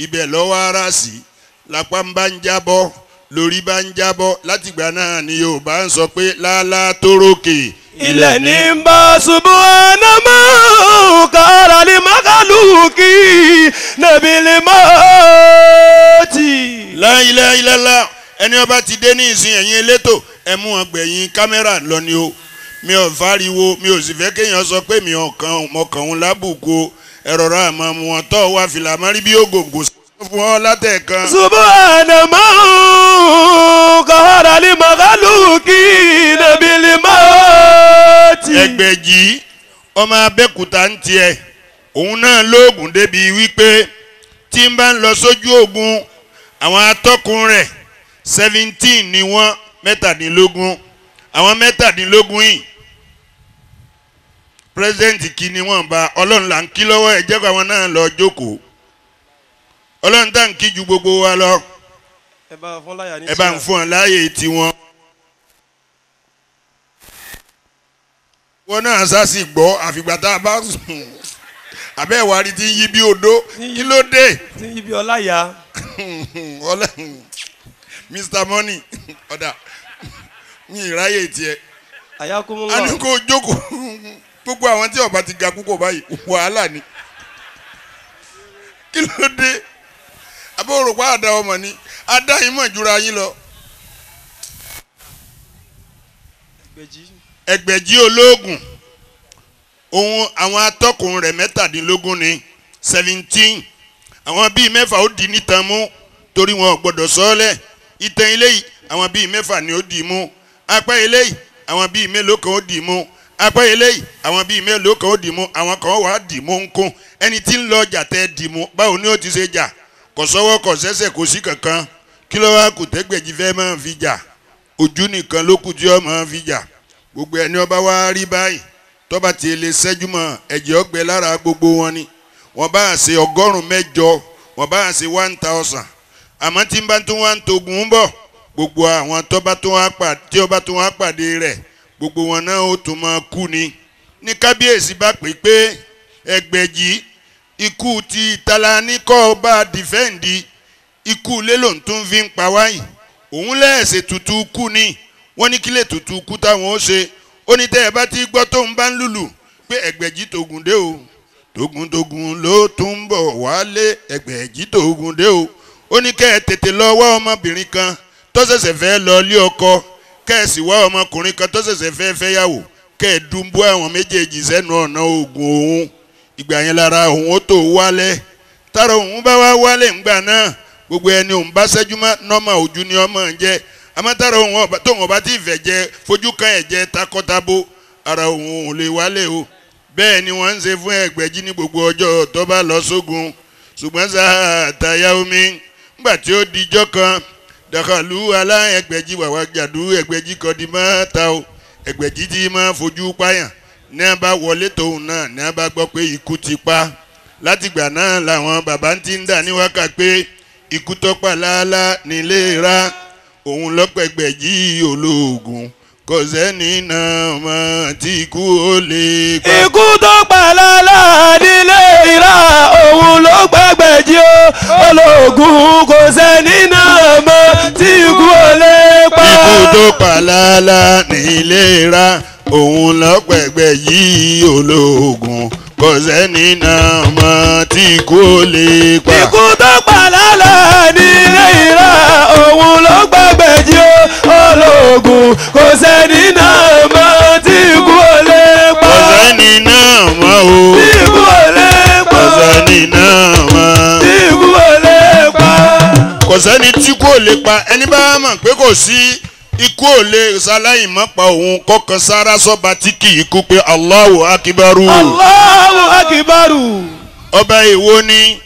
Speaker 1: ibẹ̀ lọ́wọ́ ara sí lápá ń bá ń jábọ́ lórí bá ń jábọ́ látìgbà náà ni yorùbá ń sọ pé lálá tórókè. ilẹ̀ ní bá ṣubú ẹná mọ́ kára ní mákàlùkì nàbí lè mọ́ tì. láìláìláìlá ẹni ọba ti dé ní ìsìn ẹ̀yìn elétò ẹ̀ ọgbẹ̀yìn kámẹ́rà lọ ni o mi ò fáriwo mi ò sì fẹ́ kéèyàn sọ pé mi ò kàn mọ kàn ń lábùkù ẹ̀rọ rà mọ́ mu wọn tọ́ wá fìlà mọ́rí bí ògògò fún ọ látẹ̀kan. subahana máa ń kọ́ra ní màkàlùkì nàbí lè máa tì. ẹgbẹ̀jì ọmọ abẹ́kúta ń tiẹ̀ òun náà lóògùn débi wípé tí n bá ń lọ sójú ogun àwọn atọ́kùn rẹ̀ seventeen ni wọ́n mẹ́tàdínlógún àwọn mẹ́tàdínlógún yìí pírẹsidẹ́ǹtì kí ni wọ́n bá ọlọ́run là ń kí lọ́wọ́ ẹ jẹ́ kó àwọn náà lọ jókòó ọlọ́run tá à ń kí ju gbogbo wa lọ ẹ bá ń fún ọ láàyè tiwọn. wọn náà sásì gbọ́ àfìgbà tá a bá sùn àbẹ́ ìwárí ti ń yí bí odó kí ló dé. ti ń yí bí ọláyà. Mr Money ọ̀dà ní ìráyè tiẹ̀ ayakumula a ní kó jókòó gbogbo àwọn tí ọba ti ga púpọ̀ báyìí wàhálà ni kí ló dé abóorùpá àdá ọmọ ni adá yín mọ̀ jura yín lọ. ẹgbẹ̀jì ológun ohun àwọn atọ́kùn rẹ̀ mẹ́tàdínlógún ni seventeen àwọn bíi mẹ́fà ó di nítan mú torí wọn ò gbọ́dọ̀ sọ́ọ́lẹ̀ ìtàn ilé àwọn bíi mẹ́fà ni ó di mú apá eléyìí àwọn bíi mélòó kan ó dì mú apá eléyìí àwọn bíi mélòó kan ó dì mú àwọn kan wà á dì mú ń kún ẹni tí ń lọ ọjà tẹ́ dì mú báwo ni ó ti ṣe jà kò sọ́wọ́ kò sẹ́sẹ̀ kò sí kankan kí ló wá kù tẹ́gbẹ̀jì fẹ́ máa fi jà ojú nìkan ló kù tí ó máa fi jà gbogbo ẹni ọba wá rí báyìí tọ́ba ti lè ṣẹ́jú mọ́ ẹ̀jẹ̀ ọgbẹ́ lára gbogbo wọn ni wọ́n bá ṣe ọgọ́rùn-ún mẹ́jọ wọ́n bá ṣe one thousand àmọ́ tí n bá tún wá ń togun ń bọ̀ gbogbo àwọn tó bá wá pàdé tí ó bá wá pàdé rẹ̀ gbogbo wọn náà ó tún máa kú ni ní kábíyèsí bá pè pé ẹgbẹ̀jì ikú ti ìtala ní kọ́ ọba dìfẹ́ǹdì ikú ilé ló ń tún fi ń pa wáyì òun lẹ́ẹ̀sẹ̀ tutù kú ni wọ́n ní kílẹ̀ tutù kú táwọn ó ṣe ó ní tẹ́ ẹ bá ti gbọ́ tóun bá ń lùlù pé ẹgbẹ̀jì tògùn dé o tògùntògùn ló tún ń bọ̀ wálé ẹgbẹ̀jì tògùn dé o ó ní kẹ́ ẹ tètè lọ wá ọmọbìnrin kan tó ṣẹ̀ṣẹ̀ fẹ́ lọ ilé ọkọ kẹ́ẹ̀sì wá ọmọkùnrin kan tó ṣẹ̀ṣẹ̀ fẹ́ fẹ́yàwó kẹ́ẹ̀dúnbó àwọn méjèèjì sẹ́nu ọ̀nà oògùn òun ìgbà yẹn lára òun ó tó wálẹ̀ tára òun bá wá wálẹ̀ ńgbà gbogbo ẹni òun bá ṣẹ́jú oju nọ́mà ojú ni ọmọ ń jẹ́ àmọ́ tára òun ara òun ò lè o bẹ́ẹ̀ ni wọ́n ń ṣe fún gbogbo ọjọ́ tó bá lọ sógun ṣùgbọ́n sáà àtàyà omi ńgbà kan dàkàlù aláẹgbẹ̀jì wàwá jàdú ẹgbẹ̀jì kan di máa ta o ẹgbẹ̀jì ti máa fojú páyàn ní a bá wọlé tòun náà ní a bá gbọ́ pé ikú ti pa látìgbà náà làwọn bàbá ti ń dà ní pé ikú tọ́pà láálá nílé ra òun lọ́pẹ̀gbẹ̀jì olóògùn kò náà mọ̀ tí ikú ó lè pa. ikú tọ́pà láálá ní ìlà
Speaker 4: òun ló gbàgbẹ́jì ó ológun kò sẹ́ni náà mọ́
Speaker 1: tí ikú ò lè pa. ikú tó pàlàlà ní ìlera òun lọ́pẹ̀gbẹ́ yìí ológun kò sẹ́ni náà mọ́ tí ikú ò lè pa. ikú tó pàlàlà ní ìlera
Speaker 4: òun ló gbàgbẹ́jì ó ológun kò sẹ́ni náà mọ́
Speaker 1: tí ikú ni náà o. Ikú ò lè pa. Kò sẹ́ni náà mọ́. Ikú tí kú ò pa. Ẹni bá mọ̀ pé kò sí ikú ò lè má pa òun kọkàn sára sọ́ba tí kì í kú pé Allahu akibaru. Allahu akibaru. Ọba èwo ni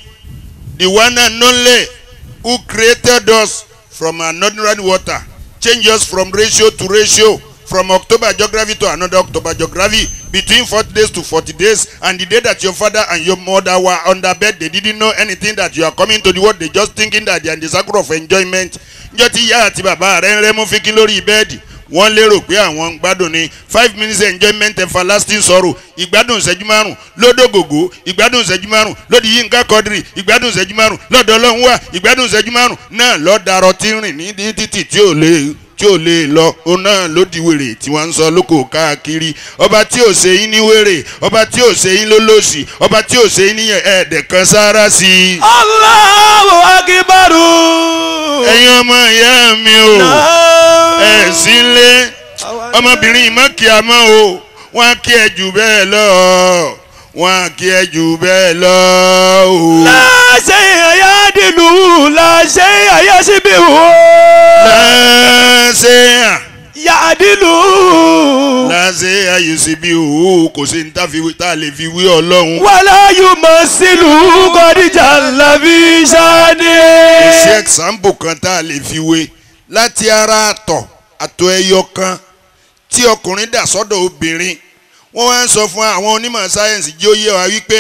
Speaker 1: the one and only who created us from an ordinary water change us from ratio to ratio from October geography to another October geography between forty days to forty days, and the day that your father and your mother were under bed, they didn't know anything that you are coming to the world, they just thinking that they are in the circle of enjoyment. Njọ́ tí ìyá àti bàbá rẹ̀ ń rẹ́mú fi kí lórí bẹ́ẹ̀dì, wọ́n lérò pé àwọn ń ni five minutes enjoyment everlasting sorrow ìgbádùn ìṣẹ́jú márùn lódògògó ìgbádùn ìṣẹ́jú márùn lódì yínká kọ́dìrì ìgbádùn ìṣẹ́jú márùn lọ́dọ̀ ọlọ́run wà ìgbádùn ìṣẹ́jú márùn náà lọ́dàrọ̀ tí ń rìn ní títì tí ò tí ò lè lọ òun náà ló wèrè tí wọ́n ń sọ lóko káàkiri ọba tí ò ṣe yín ní wèrè ọba tí ò ṣe yín lólòsì ọba tí ò ṣe yín ní ẹ̀ẹ́dẹ̀ kan sára sí i. Allahu Akbar. ẹ̀yin ọmọ ìyá mi o ẹ̀ sílé ọmọbìnrin ìmọ̀kìá mọ́ o wọ́n á kí ẹ jù bẹ́ẹ̀ lọ́ọ́ wọn kì í jù bẹ́ẹ̀ lọ o. láṣẹ àyà dìlú láṣẹ àyà síbí o. láṣẹ à. yàdìlú. láṣẹ àyè síbí o kò sí níta fi tá a lè fi wí ọlọ́run. wàlá yóò mọ sílùú kọ́díjà làbí sáde. kò sí kan tá a lè fi wé láti ara àtọ̀ àtọ̀ ẹyọ kan tí ọkùnrin dà sọ́dọ̀ obìnrin wọ́n wá ń sọ fún àwọn onímọ̀ sáyẹ́nsì jí ó wa wípé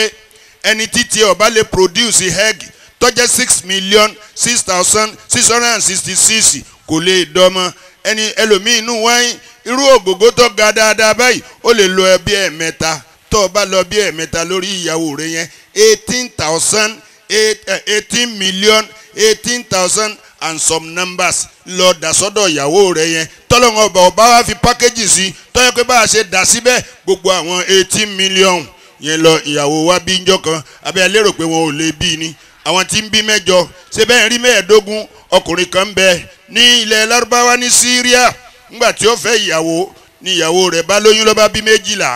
Speaker 1: ẹni títí ọba lè produce egg tó six million six thousand six hundred and sixty six kò lè dọ́mọ ẹni ẹlòmíì inú wáyé irú ògògó tó ga dáadáa báyìí ó lè lọ bí ẹ̀mẹ́ta tó o bá lọ bí ẹ̀mẹ́ta lórí ìyàwó rẹ yẹn eighteen thousand eh, eighteen million eighteen thousand and some numbers lọ dà sọ́dọ̀ ìyàwó rẹ yẹn tọ́lọ́wọ́n ọba ọba wa fi pákéjì sí tọ́yọ́ pé bá a ṣe dà síbẹ̀ gbogbo àwọn eighteen million yẹn lọ ìyàwó wa bí njọ́ kan abẹ́ lérò pé wọn ò lè bí ni àwọn tí ń bí mẹ́jọ ṣe bẹ́ẹ̀ rí mẹ́ẹ̀ẹ́dógún ọkùnrin kan bẹ ní ilẹ̀ lárúbáwá ní Syria ńgbà tí ó fẹ́ ìyàwó ni ìyàwó rẹ̀ bá lóyún ló bá bí méjìlá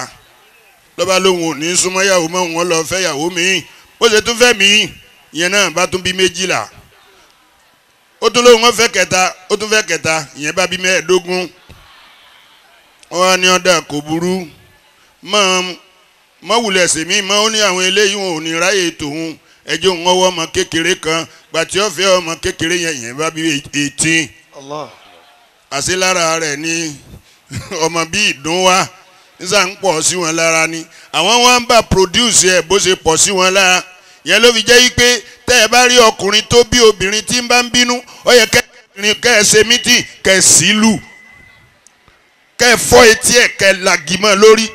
Speaker 1: ló bá lóhùn ò ní súnmọ́ ìyàwó mọ́ wọn lọ fẹ́ ìyàwó míì bó ṣe tún fẹ́ míì ìyẹn náà bá tún bí méjìlá ó tún lóun wọn fẹ́ kẹta ó tún fẹ́ kẹta ìyẹn bá bí mẹ́ẹ̀ẹ́dógún wọn ní ọ̀dà kò burú mọ́ wulẹ̀ sí mi mọ́ ó ní àwọn eléyìí wọn ò ní ráyè tòun ẹjọ́ ń wọ́wọ́ ọmọ kékeré kan gbàtí ọ̀fẹ́ ọmọ kékeré yẹn ìyẹn bá bí eighteen àṣẹ lára rẹ̀ ní ọmọ bí ìdún wá nígbà ń pọ̀ sí wọn lára ni àwọn wọn bá produce ẹ̀ bó ṣe pọ̀ sí wọn lára yẹn ló fi jẹ́ yí pé tẹ́ ẹ bá rí ọkùnrin tó bí obìnrin tí ń bá ń bínú ó yẹ kẹ́rin kẹ́ ẹ ṣe mítì kẹ́ ẹ etí ẹ̀ kẹ́ lórí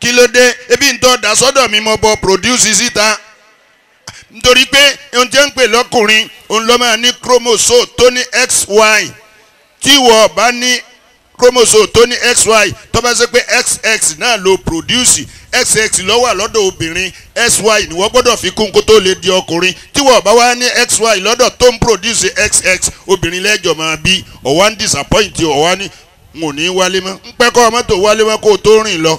Speaker 1: kí ló dé ebi ń tọ́ da sọ́dọ̀ mi mo bọ produce síta nítorí pé ohun tí ń pè lọ́kùnrin òun ló máa ní chromosome tó ní xy tí ìwọ bá ní chromosome tó ní xy tó bá ṣe pé xx náà ló produce xx ló wà lọ́dọ̀ obìnrin xy ni wọ́n gbọ́dọ̀ fi kún kó tó lè di ọkùnrin tí wọ́n bá wá ní xy lọ́dọ̀ tó ń produce xx obìnrin lẹ́jọ́ máa bí ọ̀wá ń disappoint ọ̀wá ní n ò ní wálé mọ́ ń pẹ́ kọ́ mọ́tò wálé mọ́ kó o tó rìn lọ.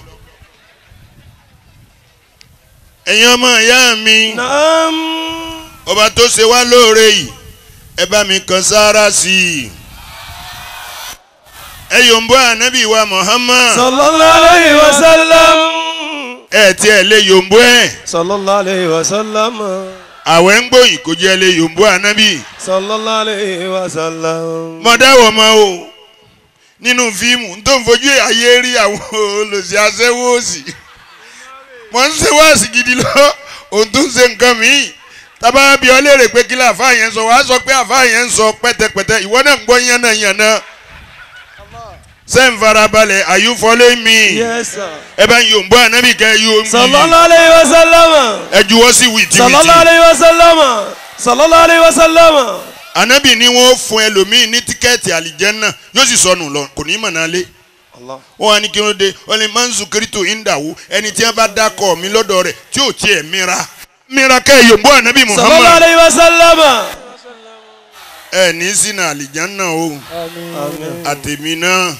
Speaker 1: ẹ̀yin ọmọ ìyá mi ọba tó ṣe wá lóore yìí ẹ bá mi kan sáárá sí i ẹ̀yọ̀ ń ànábì wa Muhammad. sallallahu alayhi wa sallam. ẹ tí ẹ lé yòǹbó ẹ. sallallahu alayhi wa sallam. àwẹ̀ ń gbòyìn kò jẹ́ lé yòǹbó ànábì. sallallahu alayhi wa mo dáwọ̀ o nínú fíìmù tó ń fojú ayé rí àwọn olùsí aṣẹ́wó òsì ń ṣe wáàsì gidi lọ òun tún ṣe nǹkan tábà bí pé kí lè sọ wàá sọ pé àfáà yẹn ń sọ pẹ́tẹpẹ́tẹ ìwọ náà ṣé ń farabalẹ̀ are you following me. yes sir. ẹ bá ń yòǹbó ànábì kẹ́ yóò mi. sallallahu alayhi wa sallam. ẹ juwọ́ sí wìtí wìtí. sallallahu alayhi wa sallam. sallallahu alayhi wa sallam. ànábì ni wọ́n fún ẹlòmíín ní tíkẹ́ẹ̀tì àlìjẹ́nà yóò sì sọnù lọ kò ní í lé. Allah. wọ́n wá ní kí wọ́n de wọ́n lè máa ń zukiritu indahu ẹni tí wọ́n bá dákọ̀ mi lọ́dọ̀ rẹ̀ tí ò tiẹ̀ e mira. mira kẹ́ yòǹbó Muhammad. sallallahu alayhi wa sallam ẹ e ní sínú àlìjáná o àtẹ̀mí náà.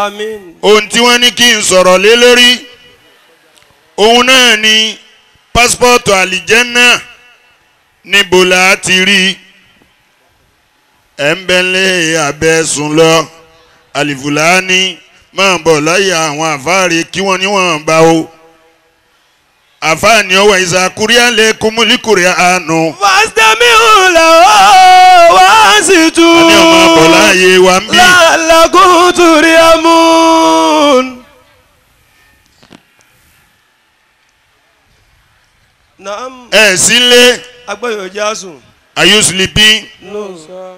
Speaker 1: Àmín. ohun tí wọ́n ní kí n sọ̀rọ̀ lé lórí òun náà ni pásítọ̀tù àlìjẹ́nà níbo la ti rí ẹ̀ ń bẹ́ lé abẹ́sùn lọ àlìfùlání máa bọ̀ láyé àwọn àfáàrí kí wọ́n níwọ̀n bá o àfáàní ọwọ́ ìsàkúrí àlékún múlíkùrí àánú. fásitẹ́mi ò lọ́wọ́ wá sì tú. àní ọmọ àbọ̀lá ayé wa ń bí. làlàkùn tùrí
Speaker 4: amún.
Speaker 1: ẹ sílé. agbẹ́yọ̀ já sùn. are you sleeping? no sir.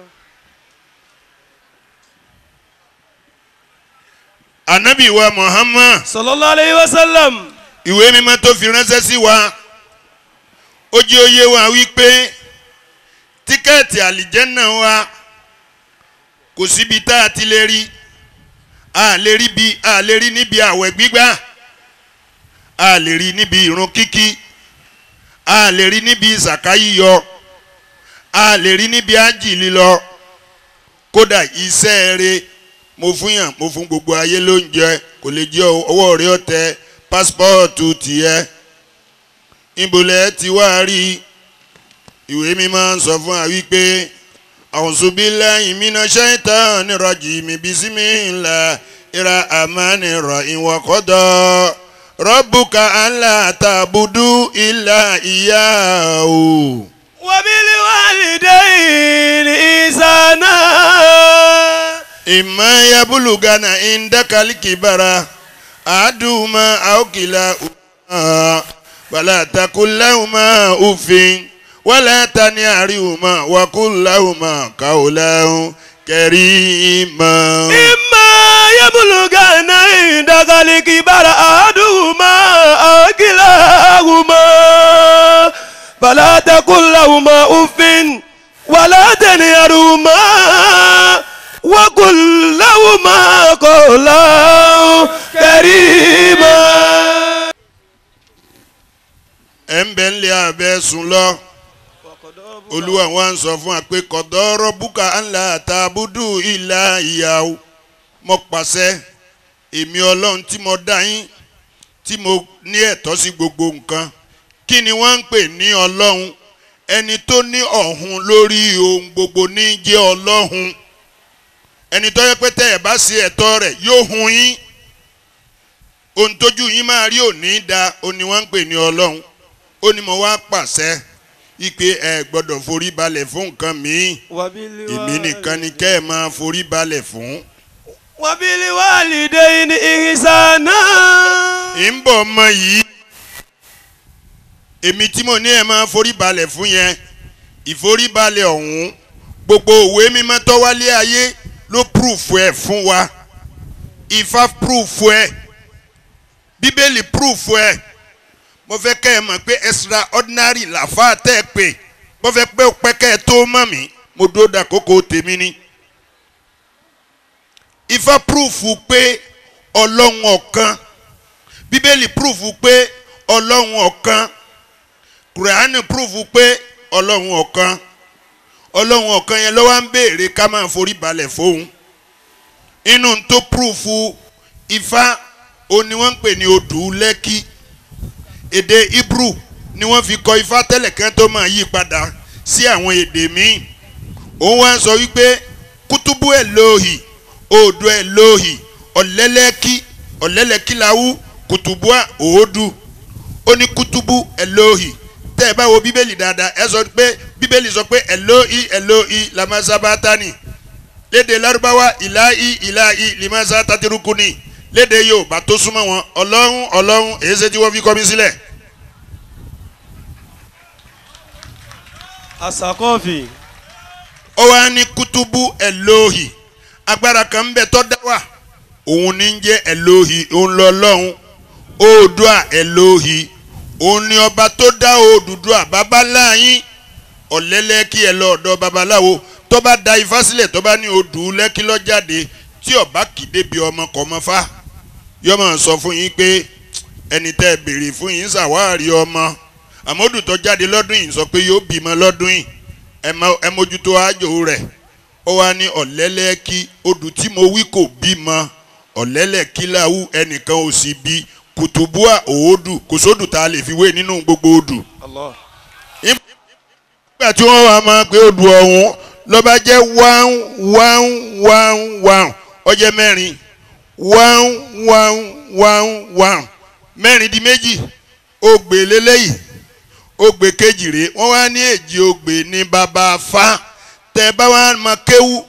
Speaker 1: anabi wa muhammad. sallallahu alayhi wa sallam. ìwé mímọ́ tó fi ránṣẹ́ sí wa ó jẹ́ òye wa wípé tíkẹ́ẹ̀tì àlìjẹ́nà wa kò síbi tá a ti lè rí a lè rí bi a lè rí níbi àwẹ̀ gbígbà a lè rí níbi ìrun kíkí a lè rí níbi ìsàká yíyọ a lè rí níbi ájì lílọ kódà iṣẹ́ rẹ̀ mo fún yàn mo fún gbogbo ayé lóúnjẹ kò lè jẹ́ ọwọ́ rẹ̀ ọ̀tẹ̀ pásítọ̀tù tiẹ̀ ìbòlẹ̀ ti wá rí i ìwé mímọ́ ń sọ fún wa wípé a'udhu billahi minash shaitani rajim bismillahir rahmanir rahim wa qada rabbuka alla ta'budu illa iyyahu. wa bil walidayni ihsana. imma yablughanna indakal kibara ahaduhuma aw kilahuma fala taqul lahuma uffin wala tani'arihuma wa kullahuma qawlan karima. imma yablughanna indakal kibara ahaduhuma aw
Speaker 4: kilahuma fala taqul lahuma uffin wala tanharhuma wa qul lahuma
Speaker 1: qawlan karima. ẹ̀ ń bẹ̀ ń lé abẹ́ sùn lọ olúwa wa ń sọ fún wa pé kọ̀dọ́rọ̀ búkà ńlá àtàbùdù ìlà ìyàwó mo pàṣẹ èmi ọlọ́run tí mo dá yín tí mo ní ẹ̀tọ́ sí gbogbo nǹkan kí ni wọ́n ń pè ní ọlọ́run ẹni tó ní ọ̀hún lórí ohun gbogbo ní jẹ́ ọlọ́hun ẹni tó yẹ pé tẹ́ ẹ̀ bá ṣe ẹ̀tọ́ rẹ̀ yóò hun yín ohun tójú yín máa rí òní da òní wọ́n ń pè ní ọlọ́run ó ní mo wá pàṣẹ ipe ẹ gbọ́dọ̀ forí balẹ̀ fún nǹkan mi èmi nìkan ni kẹ́ ẹ máa forí balẹ̀ fún. wabili walidain ihsana. ń bọ̀ ọmọ yìí èmi tí mo ní ẹ máa forí balẹ̀ fún yẹn ìforíbalẹ̀ ọ̀hún gbogbo òwe mímọ́ tó wálé ayé ló púrùfù ẹ̀ fún wa Ifá púrùfù ẹ̀ bíbélì púrùfù ẹ̀ mo fẹ́ kẹ́ ẹ mọ̀ pé extraordinary làfáà tẹ́ ẹ pé mo fẹ́ pé ó pẹ́ kẹ́ ẹ tó mọ̀ mí mo dúró dàkókò tèmi ni. ifá púrúfù pé ọlọ́run ọ̀kan bíbélì púrúfù pé ọlọ́run ọ̀kan kùránì púrúfù pé ọlọ́run ọ̀kan ọlọ́run ọ̀kan yẹn ló wá ń béèrè ká máa forí balẹ̀ fóun inú tó púrúfù ifá òní wọ́n ń pè ní odù lẹ́kì èdè hebrew ni wọ́n fi kọ ifá tẹ́lẹ̀ kan tó máa yí padà sí àwọn èdè míì òun wá sọ wípé kútúbù ẹ̀ lóhì odò ẹ̀ lóhì ọ̀lẹ́lẹ́kí ọ̀lẹ́lẹ́kí lawú kùtùbù òòdù ó ní kútúbù ẹ̀ lóhì tẹ́ ẹ bá wo bíbélì dáadáa ẹ sọ pé bíbélì sọ pé ẹlóhì ẹlóhì làmásá bá tani lédè lárúbáwá ìláhì ìláhì lìmásá tàtírùkù léde Yorùbá tó súnmọ́ wọn ọlọ́run ọlọ́run èyí ṣe tí wọ́n fi kọ́ mi sílẹ̀. àṣàkọ́ọ̀fì. ó wá ní kútúbù ẹlòhì agbára kan ń bẹ tó dá wà òun ní ń jẹ́ ẹlòhì òun lọ lọ́hùn oòdùà ẹlòhì òun ni ọba tó dá Odùduwà babaláyín ọ̀lẹ́lẹ́kí ẹ lọ ọ̀dọ̀ babaláwo tó da ifá sílẹ̀ tó ní odù lẹ́kí lọ́jáde tí ọba kìdébi ọmọ yóò máa sọ fún yín pé ẹni tẹ́ ẹ béèrè fún yín ṣàwárí ọmọ àmọ́dù tó jáde lọ́dún yìí sọ pé yóò bímọ lọ́dún yìí ẹ mójútó àjò rẹ̀ ó wá ní ọ̀lẹ́lẹ́kí odù tí mo wí kò bímọ ọ̀lẹ́lẹ́kí láwù ẹnìkan ò sì bí kùtùbúà òòdù kò sódù tá a lè fi wé nínú gbogbo odù. nígbà tí wọ́n wá máa pé odù ọ̀hún ló jẹ́ wáhùn one one one one mẹ́rin di méjì ogbè lélẹ́yìí ogbè kejì rèé wọ́n wá ní èjì ogbè ní bàbá fa tẹ bá wá máa kéwú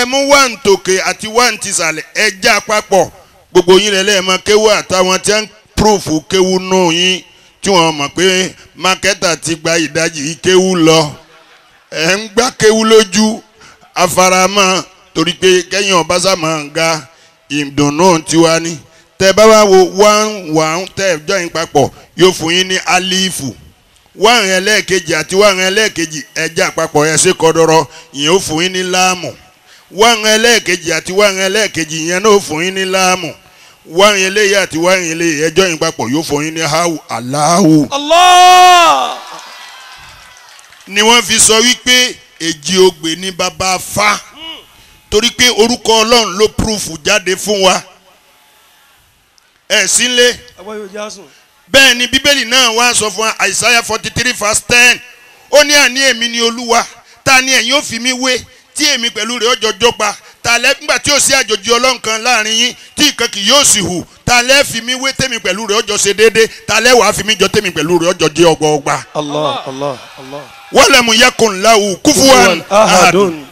Speaker 1: ẹ mú one tòkè àti one tìsàlẹ̀ ẹ já papọ̀ gbogbo yín lẹ́lẹ́ máa kéwú àtàwọn tí wọ́n ń púròfù kéwú nù yín tí wọ́n mọ̀ pé mákẹ́tà ti gba ìdajì kéwú lọ ẹ̀ ń gbá kéwú lójú afaramọ́ torí pé kẹ́yìn ọ̀básà máa ń ga ìdùnnú tiwa ni tẹ bá wá wo one one tẹ jọyìn papọ̀ yóò fún yín ní alifu one ẹlẹ́ẹ̀kejì àti one ẹlẹ́ẹ̀kejì ẹja àpapọ̀ ẹ ṣe kọdọrọ ìyẹn ó fún yín ní láàmù one ẹlẹ́ẹ̀kejì àti one ẹlẹ́ẹ̀kejì ìyẹn náà ó fún yín ní láàmù one eléyìí àti one eléyìí ẹ jọyìn papọ̀ yóò fún yín ní hawu aláhu. Allah ni wọ́n fi sọ wípé èjì ogbè ní baba fa torí pé orúkọ ọlọ́run ló púrúfù jáde fún wa ẹ sílé bẹ́ẹ̀ ni bíbélì náà wá sọ fún àìsáyà forty three verse ten ó ní àní èmi ni olúwa ta ni ẹ̀yin ó fi mí wé tí èmi pẹ̀lú rẹ̀ ọjọ́ jọba ta lẹ́ nígbà tí ó sí àjòjì ọlọ́run kan láàrin yín tí ìkan kì yóò sì hù ta lẹ́ fi mí wé tèmi pẹ̀lú rẹ̀ ọjọ́ ṣe déédé ta lẹ́ wàá fi mí jọ tèmi pẹ̀lú rẹ̀ ọjọ́ jẹ́ ọgbọọgba. Allah Allah Allah. wọ́n lẹ́mu yẹ́kùn láwù kúfúwàn ahadun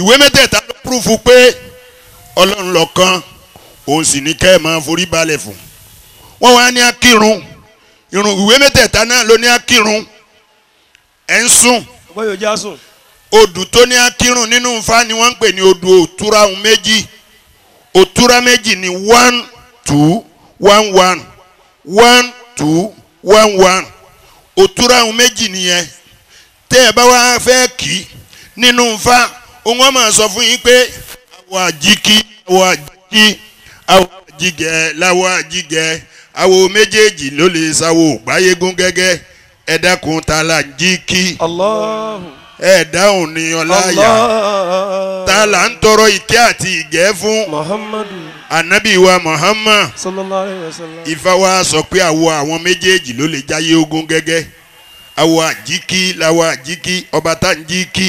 Speaker 1: ìwé mẹ́tẹ̀ẹ̀ta ló púrúfù pé ọlọ́run lọ́kan òun sì ní kẹ́ ẹ̀ máa forí balẹ̀ fún wọ́n wá ní akírun irun ìwé mẹ́tẹ̀ẹ̀ta náà ló ní akírun ẹ̀ ń sùn odù tó ní akírun nínú nfa ni wọ́n ń pè ní odù òtúra méjì òtúra méjì ní one two one one one two one one òtúra méjì nìyẹn tẹ́ ẹ bá wá fẹ́ kí nínú nfa wọ́n máa sọ fún yín pé àwọ̀ àjíkí àwọ̀ àjíkí àwọ̀ àjígẹ̀ láwọ̀ àjígẹ̀ àwọ̀ méjèèjì ló lè sáwọ̀ gbáyégún gẹ́gẹ́ ẹ dákun ta la jí kí ẹ dáhùn ní ọláyà ta la ń tọrọ ìkẹ́ àti ìgẹ́ fún anabi wa muhammad ìfà wa sọ pé àwọ̀ àwọn méjèèjì ló lè jáyé ogún gẹ́gẹ́ àwọ̀ àjíkí làwọ̀ àjíkí ọba tá ń jí kí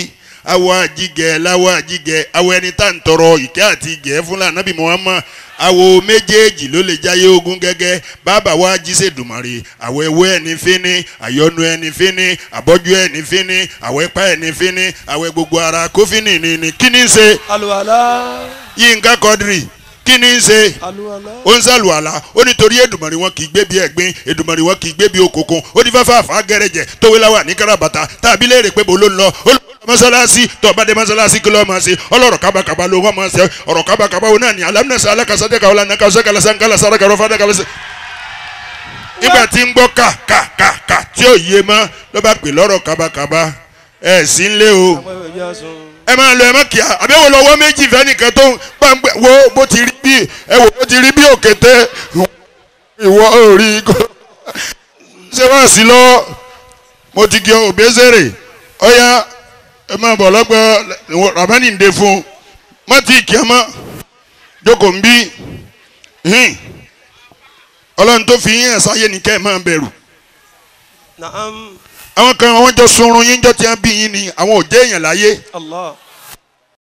Speaker 1: awọ àjígẹ láwọ àjígẹ awọ ẹni tá à ń tọrọ ìkẹ́ àti ìgẹ́ fún lànàbí Muhammad awo méjèèjì ló lè jáyé ogun gẹ́gẹ́ bàbá wa jíṣẹ́ dùmàrè àwọ̀ ẹwọ́ ẹni fínni àyọnu ẹni fínni àbọ́jú ẹni fínni àwọ̀ ẹ̀pá ẹni fínni àwọ̀ gbogbo ara kófínì ni ni kí ni ṣe. àlùwàlá. Yínká Quadri kí ni ń ṣe ó ń ṣàlùwàlà ó nítorí Èdùmàrè wọn kì í gbé bí ẹ̀gbin Èdùmàrè wọn kì í gbé bí òkùnkùn ó ní fáfáfá gẹrẹjẹ tówé ní kárabàtà tàbí léèrè pé bó ló ń lọ ó lọ mọ́sálásí tọ́ba dé mọ́sálásí kí lọ́ọ́ máa ṣe ọlọ́rọ̀ kábàkàbà ló wọ́n máa ṣe ọ̀rọ̀ kábàkàbà wo náà ni alámínàṣẹ́ alákàṣàdé kàwọ́lá nàkàṣẹ́ kàlàṣà nkàlàṣàrà kàrọ́ fàdà kàlàṣà. nígbà tí ń gbọ́ kà kà kà kà tí ò yé mọ́ ló bá pè lọ́rọ̀ kábàkàbà ẹ̀ sí ń lé o. ẹ máa lọ ẹ má kíá àbí wo lọ́wọ́ méjì fẹ́nìkan tó gbàngbẹ́ wo bó ti rí bí ẹ wò bó ti rí bí òkété ìwọ òrí ṣé wá sí lọ mo ti gé òbẹ́sẹ̀rẹ̀ ọ̀ya ẹ máa bọ̀ lọ́gbẹ́ rabani ń de fún má ti kí ẹ mọ́ jókòó ń bí hìn ọlọ́run tó fi yín ẹ̀sáyé nìkẹ́ ẹ máa
Speaker 8: bẹ̀rù. àwọn kan wọ́n jọ sunrun yín jọ ti hàn bí yín ni àwọn ò jẹ́ èèyàn láyé.
Speaker 4: Allah